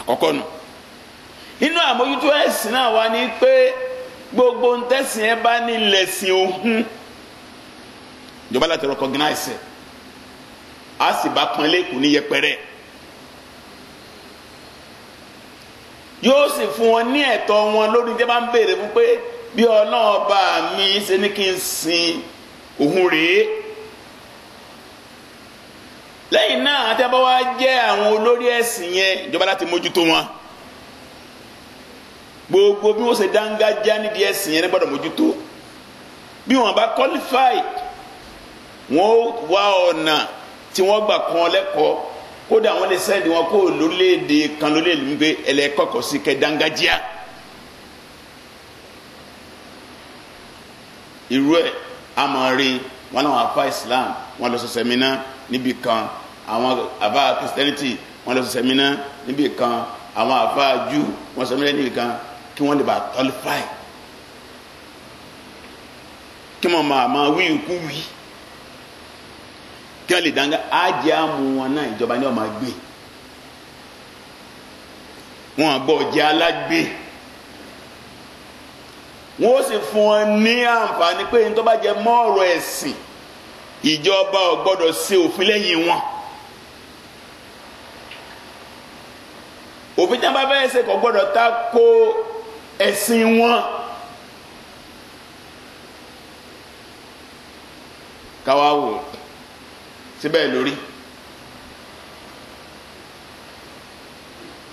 àkọ́kọ́ nù inú àmójútó ẹ̀sìn náà wà ní pé gbogbo ntẹ̀sìn ẹ bá ní lẹ̀sìn òhun ìjọba láti recognize a sì bá pọ́nlé kù ní yẹpẹrẹ yóò sì fún wọn ní ẹ̀tọ́ wọn lórí tí a bá ń béèrè fún pé bí ọlọ́run bá mi ṣe ní kí n sin òhun rèé lẹ́yìn náà àti abáwá jẹ́ àwọn olórí ẹ̀sìn yẹn ìjọba láti mójútó wọn gbogbo bí wọ́n ṣe dángájá nídìí ẹ̀sìn yẹn gbọ́dọ̀ mójútó bí wọ́n bá qualified wọ́n wá ọ̀nà tí wọ́n gbà kàn lẹ́kọ̀ọ́ kódà wọ́n lè sẹ́ẹ̀dì wọn kó lóléèdè kan lóléèdè ń gbé ẹlẹ́kọ̀ọ́kọ́ sí kẹ́ dángájá. irú ẹ̀ amọ̀re wọn làwọn afa Islam wọn lọ sọ sẹ́mínà níbi kan àwọn afa Christianity wọn lọ sọ sẹ́mínà níbi kan àwọn afa Jew wọn sọ sẹ́mínà níbi kan kí wọ́n lè bá qualify kí wọ́n máa máa wí ikú wí kí wọ́n lè dáńgá ájẹ́ àmú wọn náà ìjọba ni wọ́n máa gbé wọn àgbọ̀ jẹ́ alágbé wọn ó sì fún wọn ní àǹfààní pé ní tó bá jẹ mọ́ ọ̀rọ̀ ẹ̀sìn ìjọba ò gbọ́dọ̀ ṣe òfin lẹ́yìn wọn. òfin tí wọn bá fẹ́ ṣe kò gbọ́dọ̀ ta ko ẹ̀sìn wọn káwá wò síbẹ̀ lórí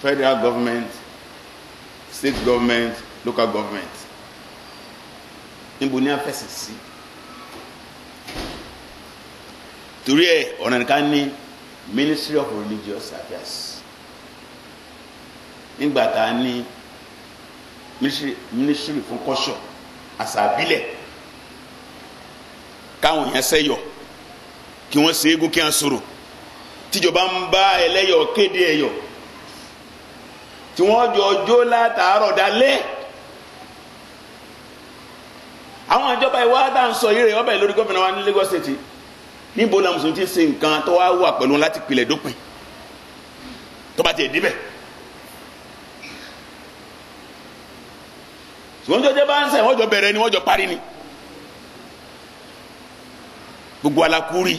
federal government state government local government níbo ní afẹ́sìn sí torí ẹ ọ̀nà nìkan ní ministry of religious affairs nígbà tá a ní. Ministry, fún kọ́sọ̀ àṣàbílẹ̀ káwọn yẹn sẹ́yọ̀ kí wọ́n ṣe égún kí wọ́n sọ̀rọ̀ tíjọba ń bá ẹlẹ́yọ̀ kéde ẹ̀yọ̀ tí wọ́n jọ jó látàárọ̀ dalẹ́ àwọn ìjọba ìwà dá ń sọ yìí ọbẹ̀ lórí gómìnà wa ní Lagos State níbo la mùsùlùmí ti ṣe nǹkan tó wá wà pẹ̀lú láti pilẹ̀ dópin tó bá tiẹ̀ débẹ̀ wọ́n jọ jẹ́ bá ń sẹ̀ wọ́n jọ bẹ̀rẹ̀ ni wọ́n jọ parí ni gbogbo alakuri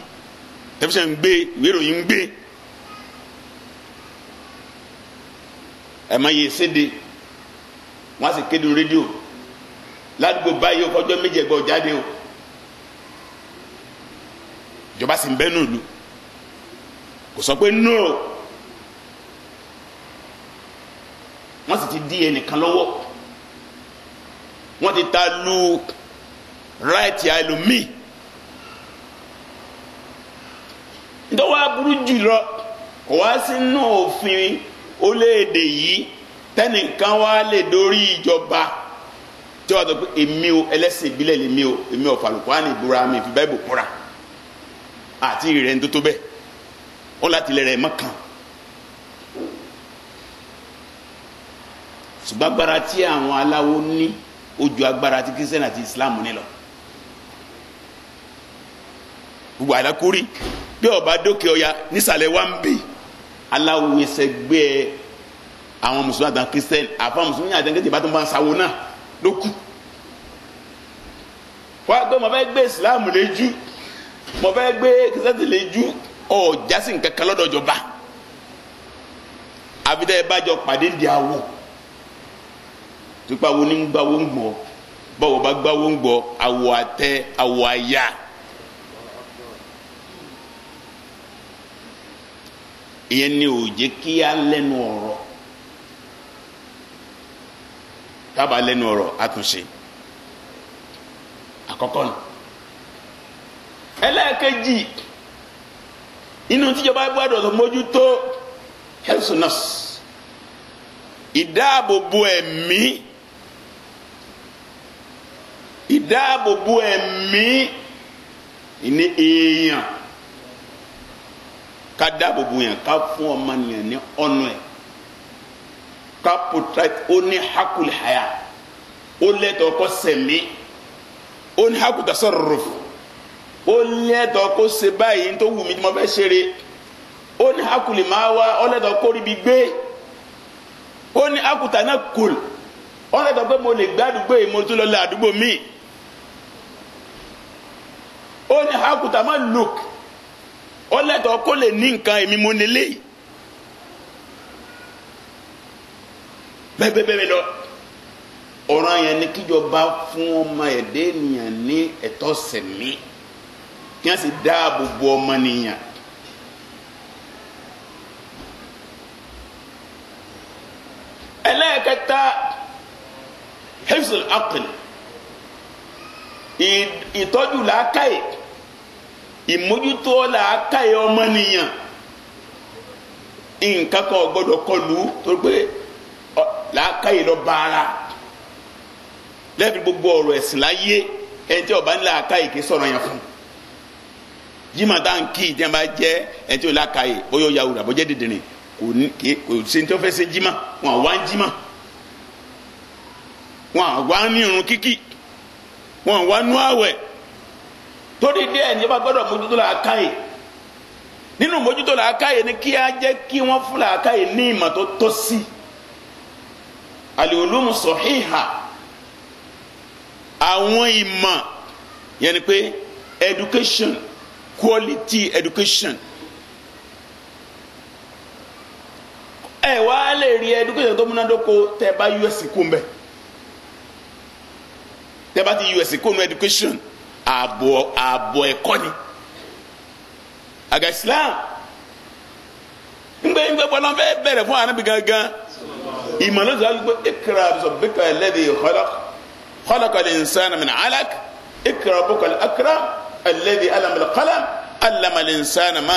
tẹfisẹ̀ ń gbé ìwé ìròyìn ń gbé ẹ̀ máa yẹ séde wọ́n á sì kéde rédíò ládùúgbò báyìí ọkọjọ́ méje ẹgbẹ́ ọ̀jáde o ìjọba sì ń bẹ́ nù lù kò sọ pé no wọ́n sì ti di ẹnìkan lọ́wọ́. No wọ́n ti ta lu ráìtì àìlòmíì ìdánwò aburú jùlọ kò wá sínú òfin orílẹ̀-èdè yìí tẹ́nìkan wá lè dórí ìjọba tí wàá sọ pé èmi o ẹlẹ́sìn ìbílẹ̀ lèmi o èmi ò fàlùkùránì ìbúra mi fi báyìí bò kúra àti ìrẹ̀ ń tó tó bẹ́ẹ̀ ó láti lẹ̀ rẹ̀ mọ́kàn. ṣùgbọ́n agbára tí àwọn aláwo ní ó ju agbára ti kristian àti islam ní lọ gbogbo àlákórí bí ọba dókè ọya nísàlẹ̀ wa ń bì aláwòsẹ̀gbẹ́ àwọn mùsùlùmí àti kristian àfa mùsùlùmí àti kristian bá tó ń bá sáwó náà ló kù wá gbé mo fẹ́ gbé islam léjú mo fẹ́ gbé kristian léjú ọ̀jásìn kankan lọ́dọ̀ ìjọba àbídẹ́ bá jọ pàdé ìdí àwọ̀ tupa wo ni ń gbawó ń gbọ́ báwo bá gbawó ń gbọ́ àwọ̀ àtẹ àwọ̀ àyà. ìyẹn ni ò jẹ́ kí á lẹ́nu ọ̀rọ̀ tábà lẹ́nu ọ̀rọ̀ àtúnṣe àkọ́kọ́ nù. ẹlẹ́ẹ̀kejì inú tíjọba gbọ́dọ̀ tó mójútó health ìdáàbòbò ẹ̀mí. E ìdáàbòbò ẹ̀mí ní èèyàn ká dáàbòbò yẹn ká fún ọmọnìyàn ní ọ̀nà ẹ̀ ká protect ó ní hakul haya ó lẹ́tọ̀ọ́ kó sẹ̀mí ó ní hakul tasarruf ó lẹ́tọ̀ọ́ kó ṣe báyìí tó wù mí tí mo fẹ́ ṣeré ó ní hakuli máa wá ó lẹ́tọ̀ọ́ kó rí bi gbé ó ní hakuta na kul ó lẹ́tọ̀ọ́ pé mo lè gbádùgbò yìí mo tún lọ lé àdúgbò míì. ó ní hakuta má look ó lẹ́tọ̀ọ́ kó lè ní nǹkan èmi mo nílé bẹ́ẹ̀ bẹ́ẹ̀ bẹ́ẹ̀ lọ ọ̀ràn yẹn ni kíjọba fún ọmọ ẹ̀dẹ́ ènìyàn ní ẹ̀tọ́ sẹ̀mí kí wọ́n sì dáàbò bo ọmọ nìyàn. ẹlẹ́ẹ̀kẹta hefzul akil ìtọ́jú làákàyè ìmójútó làákàyè ọmọnìyàn nǹkan kan gbọ́dọ̀ kọlù torí pé làákàyè lọ bá ara lẹ́bi gbogbo ọ̀rọ̀ ẹ̀sìn láyé ẹni tí ọba ní làákàyè kì í sọ̀rọ̀ yẹn fún jimá tá n kí ìdí ẹnba jẹ ẹni tí ó làákàyè bóyá ó yàwùrà bójẹ́ dìndìnrín kò ní kò ṣe ní tí wọ́n ṣe jimá wọn àwa ń wọn àwa ní irun kíkì wọn àwa nú àwẹ̀. torí díẹ̀ ní ọba gbọ́dọ̀ mójútó làákàyè nínú mójútó làákàyè ni kí á jẹ́ kí wọ́n fún làákàyè ní ìmọ̀ tó tó sí al-ulumu àwọn ìmọ̀ yẹn ni pé education quality education ẹ wá lè rí education tó múnádóko tẹ bá us kó tẹ bá ti us education. ààbọ̀ ààbọ̀ ẹ̀kọ́ ni àga islam ngbe ngbe bọlọ fẹ́ bẹ̀rẹ̀ fún anabi gangan ìmọ̀lẹ́ sọ wípé ikra bisọ̀bíkà alladhi khalaq khalaqa al-insana min alaq ikra rabbuka al-akram alladhi alama al-qalam alama al-insana ma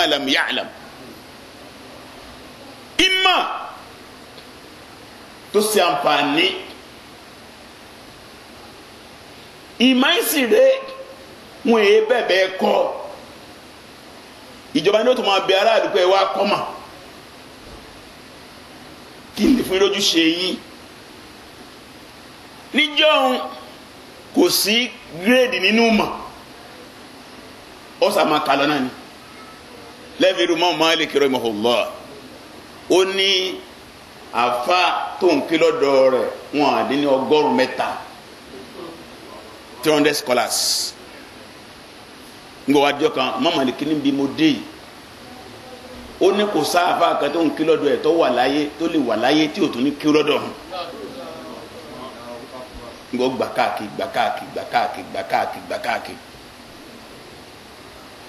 tó ṣe àǹfààní ìmọ̀ ìsìn rẹ̀. wọn èyí bẹ̀bẹ̀ Ijọba ìjọba ní o tó máa bẹ aráàlú pé ẹ wá kọ́ mà kí n fún lójú ṣe yín níjọ́hun kò sí gírèdì nínú mà ọ̀sà máa kà lọ́nà ni lẹ́ẹ̀fì rúmọ́ Malik rahimahullah ó ní àfa tó ń kí lọ́dọ̀ rẹ̀ wọn àdín ní ọgọ́rùn-ún mẹ́ta three hundred scholars. ngbọ wa jọ kan mama ni kini bi mo dé yìí ó ní kò sáfà kan tó ń kí lọ́dọ̀ ẹ̀ tó wà láyé tó lè wà láyé tí ò tún ní kí lọ́dọ̀ hàn ngbọ gbà káàkiri gbà káàkiri gbà káàkiri gbà káàkiri gbà káàkiri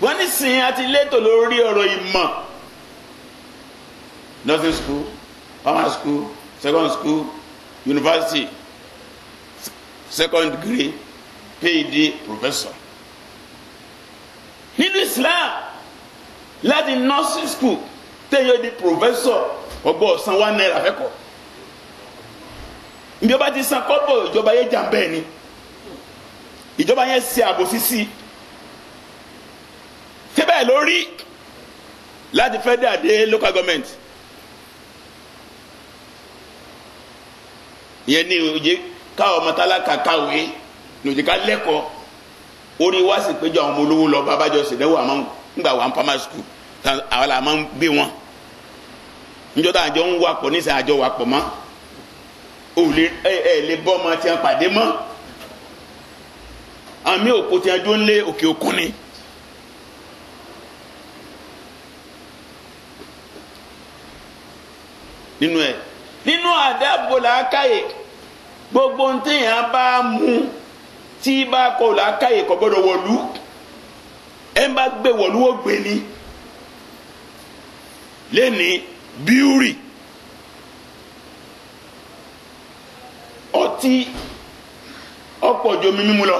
wọ́n ní sìn àti létò lórí ọ̀rọ̀ ìmọ̀ nursing school primary school second school university second degree phd e professor nínú Islam láti nursing school téèyàn di professor ọgbọ́n san one naira fẹ́kọ̀ọ́ ìjọba ti san kọ́bọ̀ ìjọba yẹn jà bẹ́ẹ̀ ni ìjọba yẹn ṣe àbòsí sí i síbẹ̀ lórí láti federal dé local government ìyẹn ni òye káwọn ọmọ tálákà kàwé lòdì ká lẹ́kọ̀ọ́ orí wa sì péjọ àwọn ọmọ olówó lọ babájọ sèdẹ́wò àmọ́ ńgbà wà ń pamá skul àwọn làmọ́ ń gbé wọn níjọ́ tá àjọ ń wakọ̀ ní sẹ́ àjọ wakọ̀ mọ́ ò lè ẹ ẹ lè bọ́ ọmọ tí wọ́n pàdé mọ́ àmì òkú tí wọ́n dún lé òkè òkun ni. nínú ẹ nínú àdàbò làákàyè gbogbo ntẹ̀yìn abá mú tí bá kọ làákàyè kọ gbọ́dọ̀ wọlú ẹ bá gbé wọlú ó gbé ni lẹni bíúrì ọtí ọ̀pọ̀ ju omi mímu lọ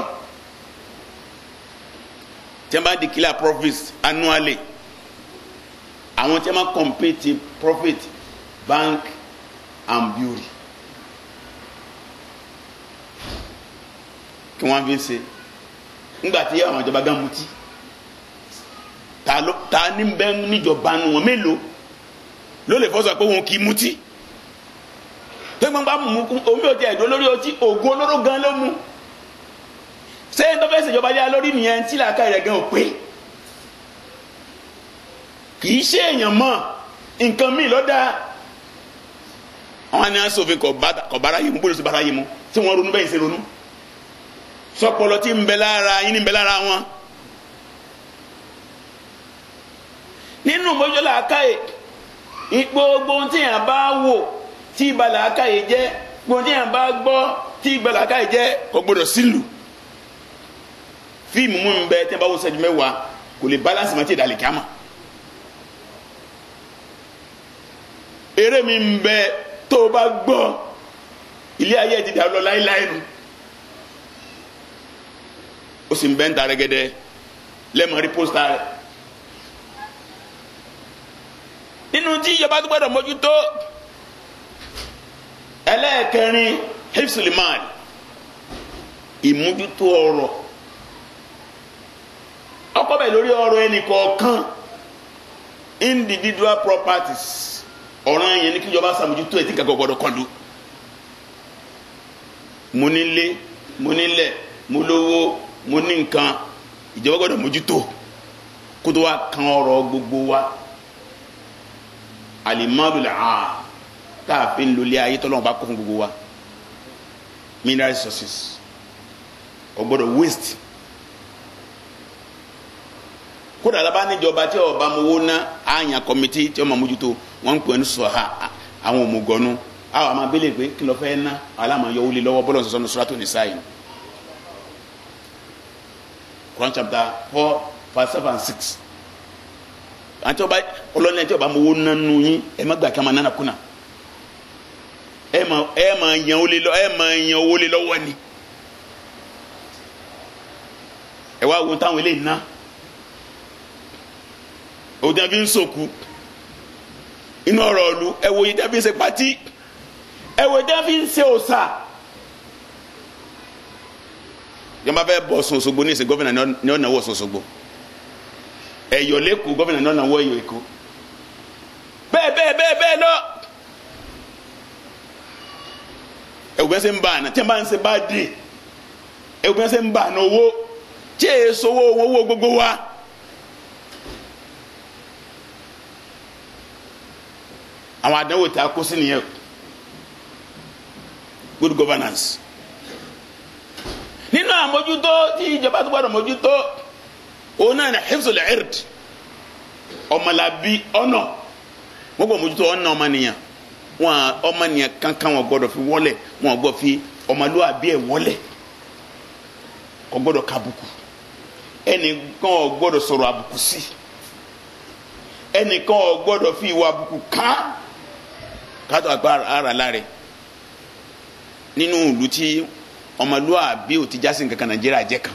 tí wọ́n bá declare profits annually àwọn tí wọ́n máa compete profit bank and bíúrì tí wọ́n fi ń ṣe ńgbà tí àwọn ìjọba gan mutí ta ló ta ní bẹ́ẹ̀ níjọba nu wọn mélòó ló lè fọ́sọ̀ pé òun kì í mutí tó gbọ́n bá mú omi ò tí ẹ̀dọ́ lórí ọtí oògùn olóró gan ló mu sẹ́yìn tó fẹ́ ṣèjọba yá lórí nìyẹn tí làákà rẹ̀ gan ò pé kì í ṣe èèyàn mọ̀ nǹkan míì lọ́dà àwọn àni asòfin kọ̀ bára yìí mú bóyá oṣù bára yìí mú tí wọ́n ronú bẹ́ẹ̀ ṣe ronú sọpọlọ tí ń bẹ lára yín ń bẹ lára wọn. nínú mọ́jọ́ làákàyè gbogbo ohun tí yàn bá wò tí ibà làákàyè jẹ́ gbogbo ohun tí yàn bá gbọ́ tí ibà làákàyè jẹ́ kò gbọdọ̀ sílù fíìmù mú mi bẹ tí yàn bá wò sẹ́jú mẹ́wàá kò lè balance mọ́tì ìdálẹ̀ kíámà. eré mi ń bẹ tó o bá gbọ́ ilé ayé ti dàrú lọ láéláé nu. o si mbɛ ntaare gɛdɛ lɛ mari postaare ninu ti yaba tó gbɛdɔ mɔjútó ɛlɛɛkɛrin hefsuliman ìmójútó ɔrɔ ɔkɔ bɛ lórí ɔrɔ yɛ nìkɔɔkan individual properties ɔrɔ yɛ ni kíjɔba sàmójútó yɛ ti kankan gbɔdɔ kɔdu múnilé múnilé mo ní nǹkan ìjọba gbọ́dọ̀ mójútó kó tó wá kan ọ̀rọ̀ gbogbo wa alimalu la aa tá ayé tọ́lọ́mù bá kó fún gbogbo wa mineral resources ó waste kódà laba níjọba tí ọba mowó ná àyàn kọmitì tí ọmọ mójútó wọn ń pè ní sọ ha àwọn òmùgọ́nu àwọn àmàbílẹ̀ pé kí ló fẹ́ ná alámọ̀ yọ wọlé lọ́wọ́ bọ́lọ̀ sọ̀sọ́ sọ́ra tó ní sáyìn. Quran chapter four verse seven and six àti ọba ọlọ́ni àti ọba mowó nánú yín ẹ má gbà kí a máa nánà kúnà ẹ má ẹ má yan owó lé lọ ẹ má yan owó lé lọ́wọ́ ni ẹ wá wo táwọn eléyìí ná òde àbí ń sòkú inú ọ̀rọ̀ ọ̀lu ẹ wo yìí ń ṣe pátí ẹ wo dábí ń ṣe òòṣà. yọmba fẹ́ bọ̀ Ọ̀ṣun Òṣogbo ní ìsìn gómìnà ní ọ̀nà wọ̀ Ọ̀ṣun Òṣogbo ẹ̀yọ́ bee gómìnà ní ọ̀nà wọ̀ ẹ̀yọ́ Èkó bẹ́ẹ̀ bẹ́ẹ̀ bẹ́ẹ̀ bẹ́ẹ̀ lọ. ẹ̀wù bẹ́ẹ̀ sẹ́ ń bá àná tí a bá ń sẹ́ bá dé ẹ̀wù ń bá àná owó tí èyí sọwọ́ owó owó gbogbo wa. àwọn àdánwò a kó sí nìyẹn good governance. nínú àmójútó tí ìjọba tó gbọ́dọ̀ mójútó òun náà ní hifzul ird ọmọlàbí ọ̀nà wọ́n gbọ́dọ̀ mójútó ọ̀nà ọmọnìyàn wọn ọmọnìyàn kankan wọn gbọ́dọ̀ fi wọlé wọn gbọ́dọ̀ fi ọmọlúwàbí ẹ̀ wọlé kò gbọ́dọ̀ kabuku ẹnìkan ò gbọ́dọ̀ sọ̀rọ̀ àbùkù sí ẹnìkan ò gbọ́dọ̀ fi ìwà àbùkù kán kátó àgbà ara láre nínú ìlú tí bí o ti jásí nkankan nàìjíríà jẹ́ kan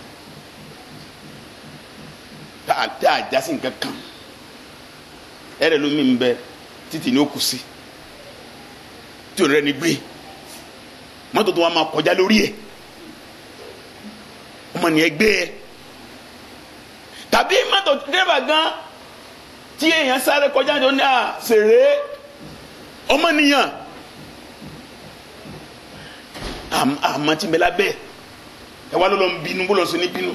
tá a jásí nǹkan kan ẹ̀rẹ̀ lómi bẹ ní òkú sí tí òun rẹ ní gbé mọ́tò tó wà máa kọjá lórí ni ọmọnìyàn gbé ẹ tàbí mọ́tò gan tí èèyàn sáré kọjá ní àmọ́ tí ń bẹ lábẹ́ ẹ wá lọ́lọ́ ń bínú bó lọ́ sí ní bínú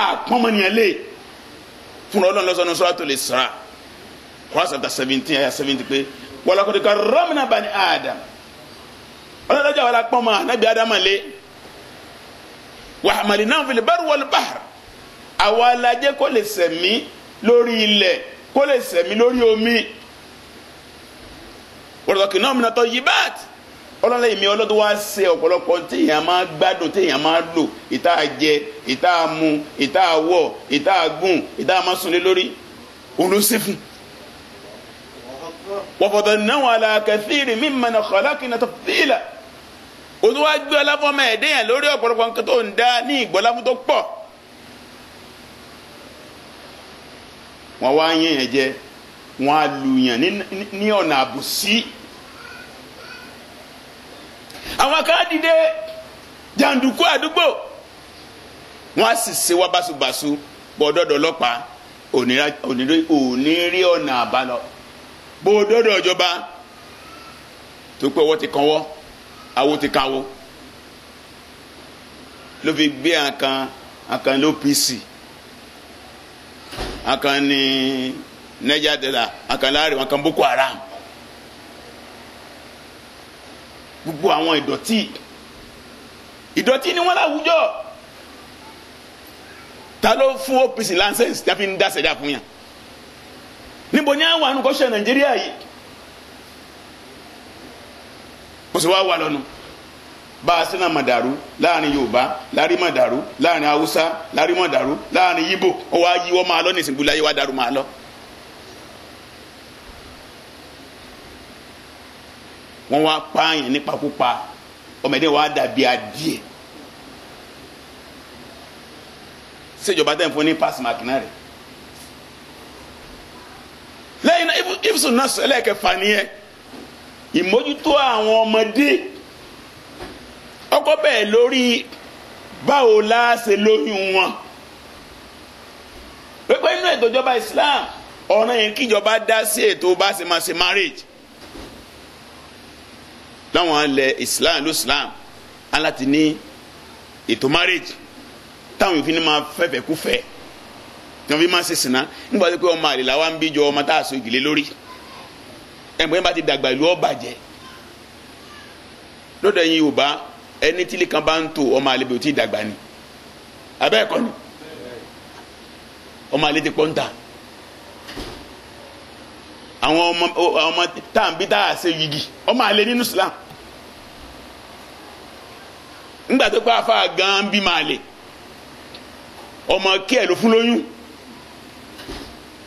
àpọ́nmọ́nìyàn lè fún ọlọ́run lọ́sọ̀nù Suratul Isra Quran chapter seventeen ayah seventy pé walaqad karramna bani Adam ọlọ́dọ́jà wàlá pọ́nmọ́ anábì Adam lé wa hamalinahum fil barri wal bahri àwa alajẹ́ kó lè sẹ̀mí lórí ilẹ̀ kó lè sẹ̀mí lórí omi wọ́n lọ́kì náà mìíràn tó yí báàtì. ọlọ́lá èmi ọlọ́dún wá ṣe ọ̀pọ̀lọpọ̀ téèyàn máa gbádùn téèyàn máa lò ìta jẹ ìta mu ìta wọ̀ ìta gùn ìta máa sùn lórí òun ló náà wà mí tó gbé ẹ̀dẹ́yàn lórí ọ̀pọ̀lọpọ̀ nǹkan tó ń ní ìgbọ́láfún tó pọ̀. wọ́n wá yẹn yẹn jẹ wọ́n á lu ní ọ̀nà Si àwọn kan dìde jàǹdùkú àdúgbò wọn á sì ṣe wá báṣubàṣu bọ́ọ̀dọ́dọ̀ ọlọ́pàá ònírí ọ̀nà àbálọ bọ́ọ̀dọ́dọ̀ ìjọba tó pé ọwọ́ ti kanwọ́ awo ti kawo ló fi gbé àkàn àkàn ló pc àkàn ní niger delta àkàn láàrin àkàn boko haram. gbogbo àwọn ìdọ̀tí ìdọ̀tí ni wọ́n láwùjọ ta ló fún OPC license tí a fi ń dá sẹ́dá fún yàn níbo ni àwọn àánú kọ́ṣẹ́ Nàìjíríà yìí mo sì wá wà lọ́nu bá a sínú àmàdàrú láàrin Yorùbá láàrin màdàrú láàrin Haúsá láàrin màdàrú láàrin Yíbò ó wá yíwọ́ máa lọ nísìnyí gbúláyé wá dàrú máa lọ. wọ́n wá pààyàn nípakúpa ọmọdé wa dàbí adìẹ ṣèjọba tẹ̀ ń fún ní pàṣímàkì náà rẹ̀ lẹ́yìn náà ibùsùn náà sọ ẹlẹ́ẹ̀kẹfà nìyẹn ìmójútó àwọn ọmọdé ọkọ bẹ́ẹ̀ lórí báwo la ṣe lóyún wọn pẹpẹ inú ètò ìjọba Islam ọ̀ràn yẹn kíjọba dá sí ètò bá ṣe máa ṣe marriage láwọn ilẹ̀ islam ló islam aláti ní ètò marriage táwọn ni máa fẹ́fẹ́ kú fẹ́ tí wọ́n fi máa ṣe sìnà nígbà pé ọmọ àlè làwọn ń bí jọ ọmọ tá a so ìdílé lórí yẹn bá ti dàgbà ìlú ọba jẹ lọ́dọ̀ yorùbá ẹni bá ń tò ọmọ dàgbà ni abẹ́ ẹ̀kọ́ ni ọmọ àlè ti pọ́ńtà àwọn ọmọ ọmọ tá à ń bí tá à ṣe yigi ọmọ àlè nínú Islam ńgbà tó pa afa gan bí máa lè ọmọ kí ẹ ló fún lóyún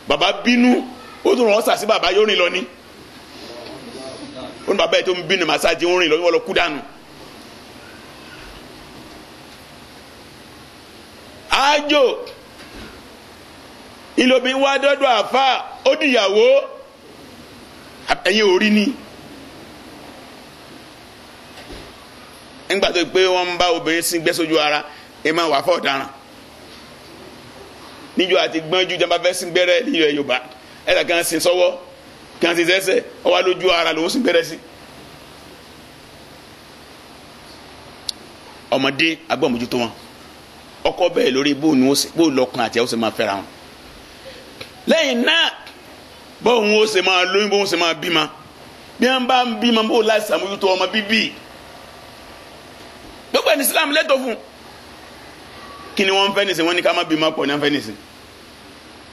bàbá bínú ó tún rán sàsí bàbá yóò rìn lọ ní ó ní yìí tó ń bínú màsáàjì ń rìn lọ wọ́n lọ kú dànù. ájò ìlòmí wá àfa ó dìyàwó ẹ̀yin ò ni nígbà tó pé wọ́n ń bá obìnrin sí gbẹ́ sójú ara ẹ máa wà fọ́ ọ̀daràn níjọ àti gbọ́njú jẹ́ bá fẹ́ sí gbẹ́rẹ́ nílẹ̀ Yorùbá ẹ̀rọ kan sì sọ́wọ́ kan sì sẹ́sẹ̀ ọwọ́ lójú ara lòún sì gbẹ́rẹ́ sí. ọmọdé agbọ́mọ̀jútó wọn ọkọ bẹ́ẹ̀ lórí bóun lọkùnrin àti ẹ̀ sì máa fẹ́ra wọn lẹ́yìn náà bóun ó ṣe máa lóyún bóun ṣe máa bímọ bí wọn bá ń bímọ bó láì sàmójútó ọmọ bíbí gbogbo ẹni Islam lẹ́tọ̀ fún kí ni wọ́n fẹ́ nìsín wọ́n ní ká má bímọ pọ̀ ní wọ́n fẹ́ nìsín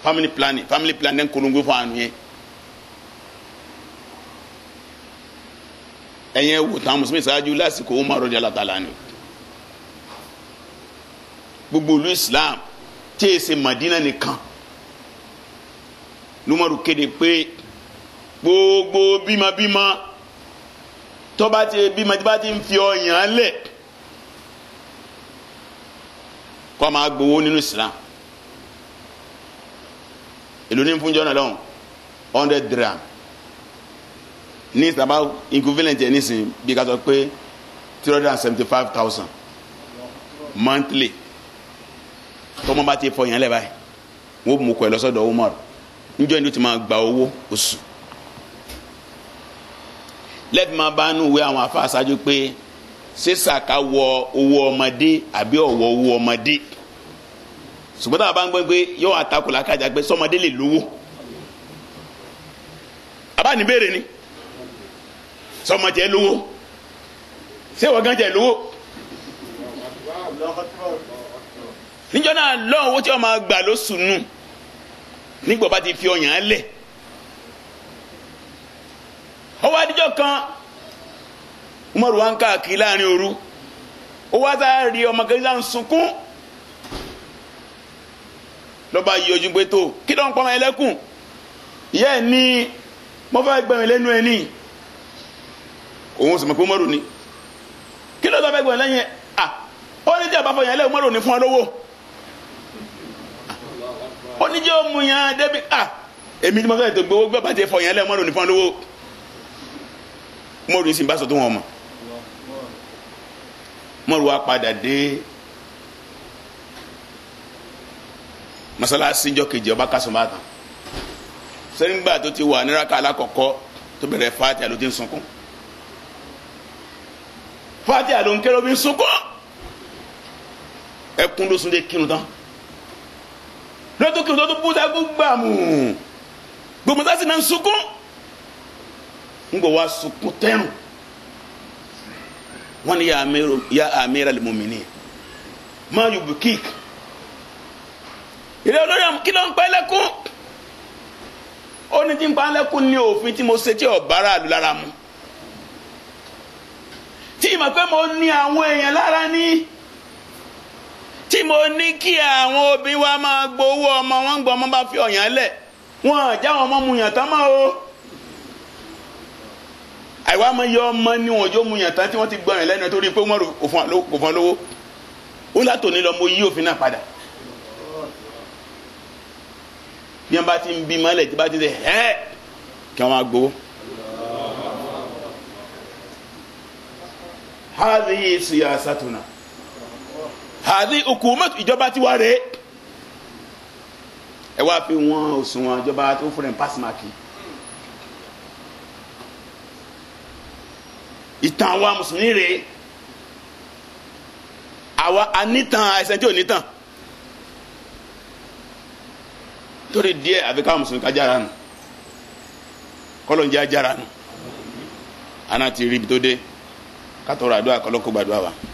family planning family planning kolongo fún àánú yẹn ẹ̀yẹ wò tán mùsùlùmí ṣáájú lásìkò ó máa rọjò alátàlá ni gbogbo olú Islam tí èsì Madina nìkan lumaru kéde pé gbogbo bímabíma tọ́ba ti bímọ tí bá ti ń fi ọyàn lẹ̀ kọ́ máa gbowó nínú Islam èlò ní fúnjọ́ náà lọ́hùn hundred dram ní ìsàbá equivalent ẹ̀ nísìnyí bí ká sọ pé three hundred and seventy five thousand monthly tọ́mọ bá ti fọyàn lẹ̀ báyìí wọ́n mú kọ́ ẹ lọ́sọ̀dọ̀ Umar njọ́ ni ó ti máa gba owó oṣù lẹ́bi máa bá nù wé àwọn afa aṣáájú pé sísà ká wọ owó ọmọdé àbí ọ̀wọ́ owó ọmọdé ṣùgbọ́n táwọn bá ń gbọ́ pé yóò àtakò làkàjà pé sọmọdé lè lówó àbá béèrè ni sọmọdé lówó ṣé wọ́n gán jẹ lówó níjọ́ náà lọ́wọ́ tí wọ́n máa gbà lóṣù nù nígbà bá ti fi ọyàn lẹ̀ ọwọ́ adijọ́ kan umaru wa ń káàkiri láàrin òru ó wá sáà rí ọmọ kẹrìndínlá ń sunkún lọ́ba yìí ojú pé tó kí ló ń pọ́n ẹlẹ́kùn ìyá ẹ̀ ní mo fẹ́ gbẹ̀mí lẹ́nu ní òun sì mọ̀ pé umaru ni kí ló ń pọ́n ẹgbẹ̀mí lẹ́yìn ẹ̀ à ah, ó ní tí a bá fọ yẹn lẹ́ umaru ni fún ọ lówó oníjẹ́ ó mu yan débi à èmi ni mo fẹ́ tó gbowó gbé bàtẹ́ fọ yẹn lẹ́mọ́ lónìí fún lówó mọ́rù yìí sì ń bá sọ tó wọn mọ̀ mọ́rù wa padà dé masalasi jọ kejì ọba kásùnbà tán sẹ́nìgbà tó ti wà níraka alákọ̀ọ́kọ́ tó bẹ̀rẹ̀ fati àló ti ń sunkún fati àló ń kéré omi ń sunkún ẹkún ló sún dé kírun tán lọ́dún kìlọ̀ lọ́dún búta gbàmù gbogbo sásì náà ń sunkún ń gbọ̀ wá sunkún tẹ́rùn wọ́n ní ya amira limomini máa yóò bu kíkì ìrẹ́ olórí àwọn kìlọ̀ ń pẹ́ lẹ́kún ó ní tí ń pa lẹ́kún ní òfin tí mo ṣe tí ọ̀bára àlù lára mu tí ìmọ̀ pé mo ní àwọn èèyàn lára ní tí mo ní kí àwọn obìnrin wa máa gbowó ọmọ wọn gbọ́ ọmọ bá fi ọ̀yàn lẹ̀ wọn jáwọn ọmọ muyàn tán mọ́ o àìwá máa yọ ọmọ ní wọn jó muyàn tán tí wọ́n ti gbọ́yàn lẹ́nu torí pé wọ́n kò fọ́n lówó ó látò ní lọ mo yí òfin náà padà bí wọ́n bá ti ń bí mọ́lẹ̀ tí bá ti ń sẹ́ kí wọ́n máa gbowó. hadhihi siyasatuna àdí hukumat ìjọba ti wá rèé ẹ wá fi wọn òṣùwọ̀n ìjọba tó fún ẹ̀ ń pàṣímàkì. ìtàn wa mùsùlùmí rèé àwa anítàn ẹsẹ̀ tí ò nítàn torí díẹ̀ àfi mùsùlùmí kájára nù kọ́lọ́njẹ́ ajára nù àná ti rí ibi tó dé kátó ra àdúrà gbàdúrà wa.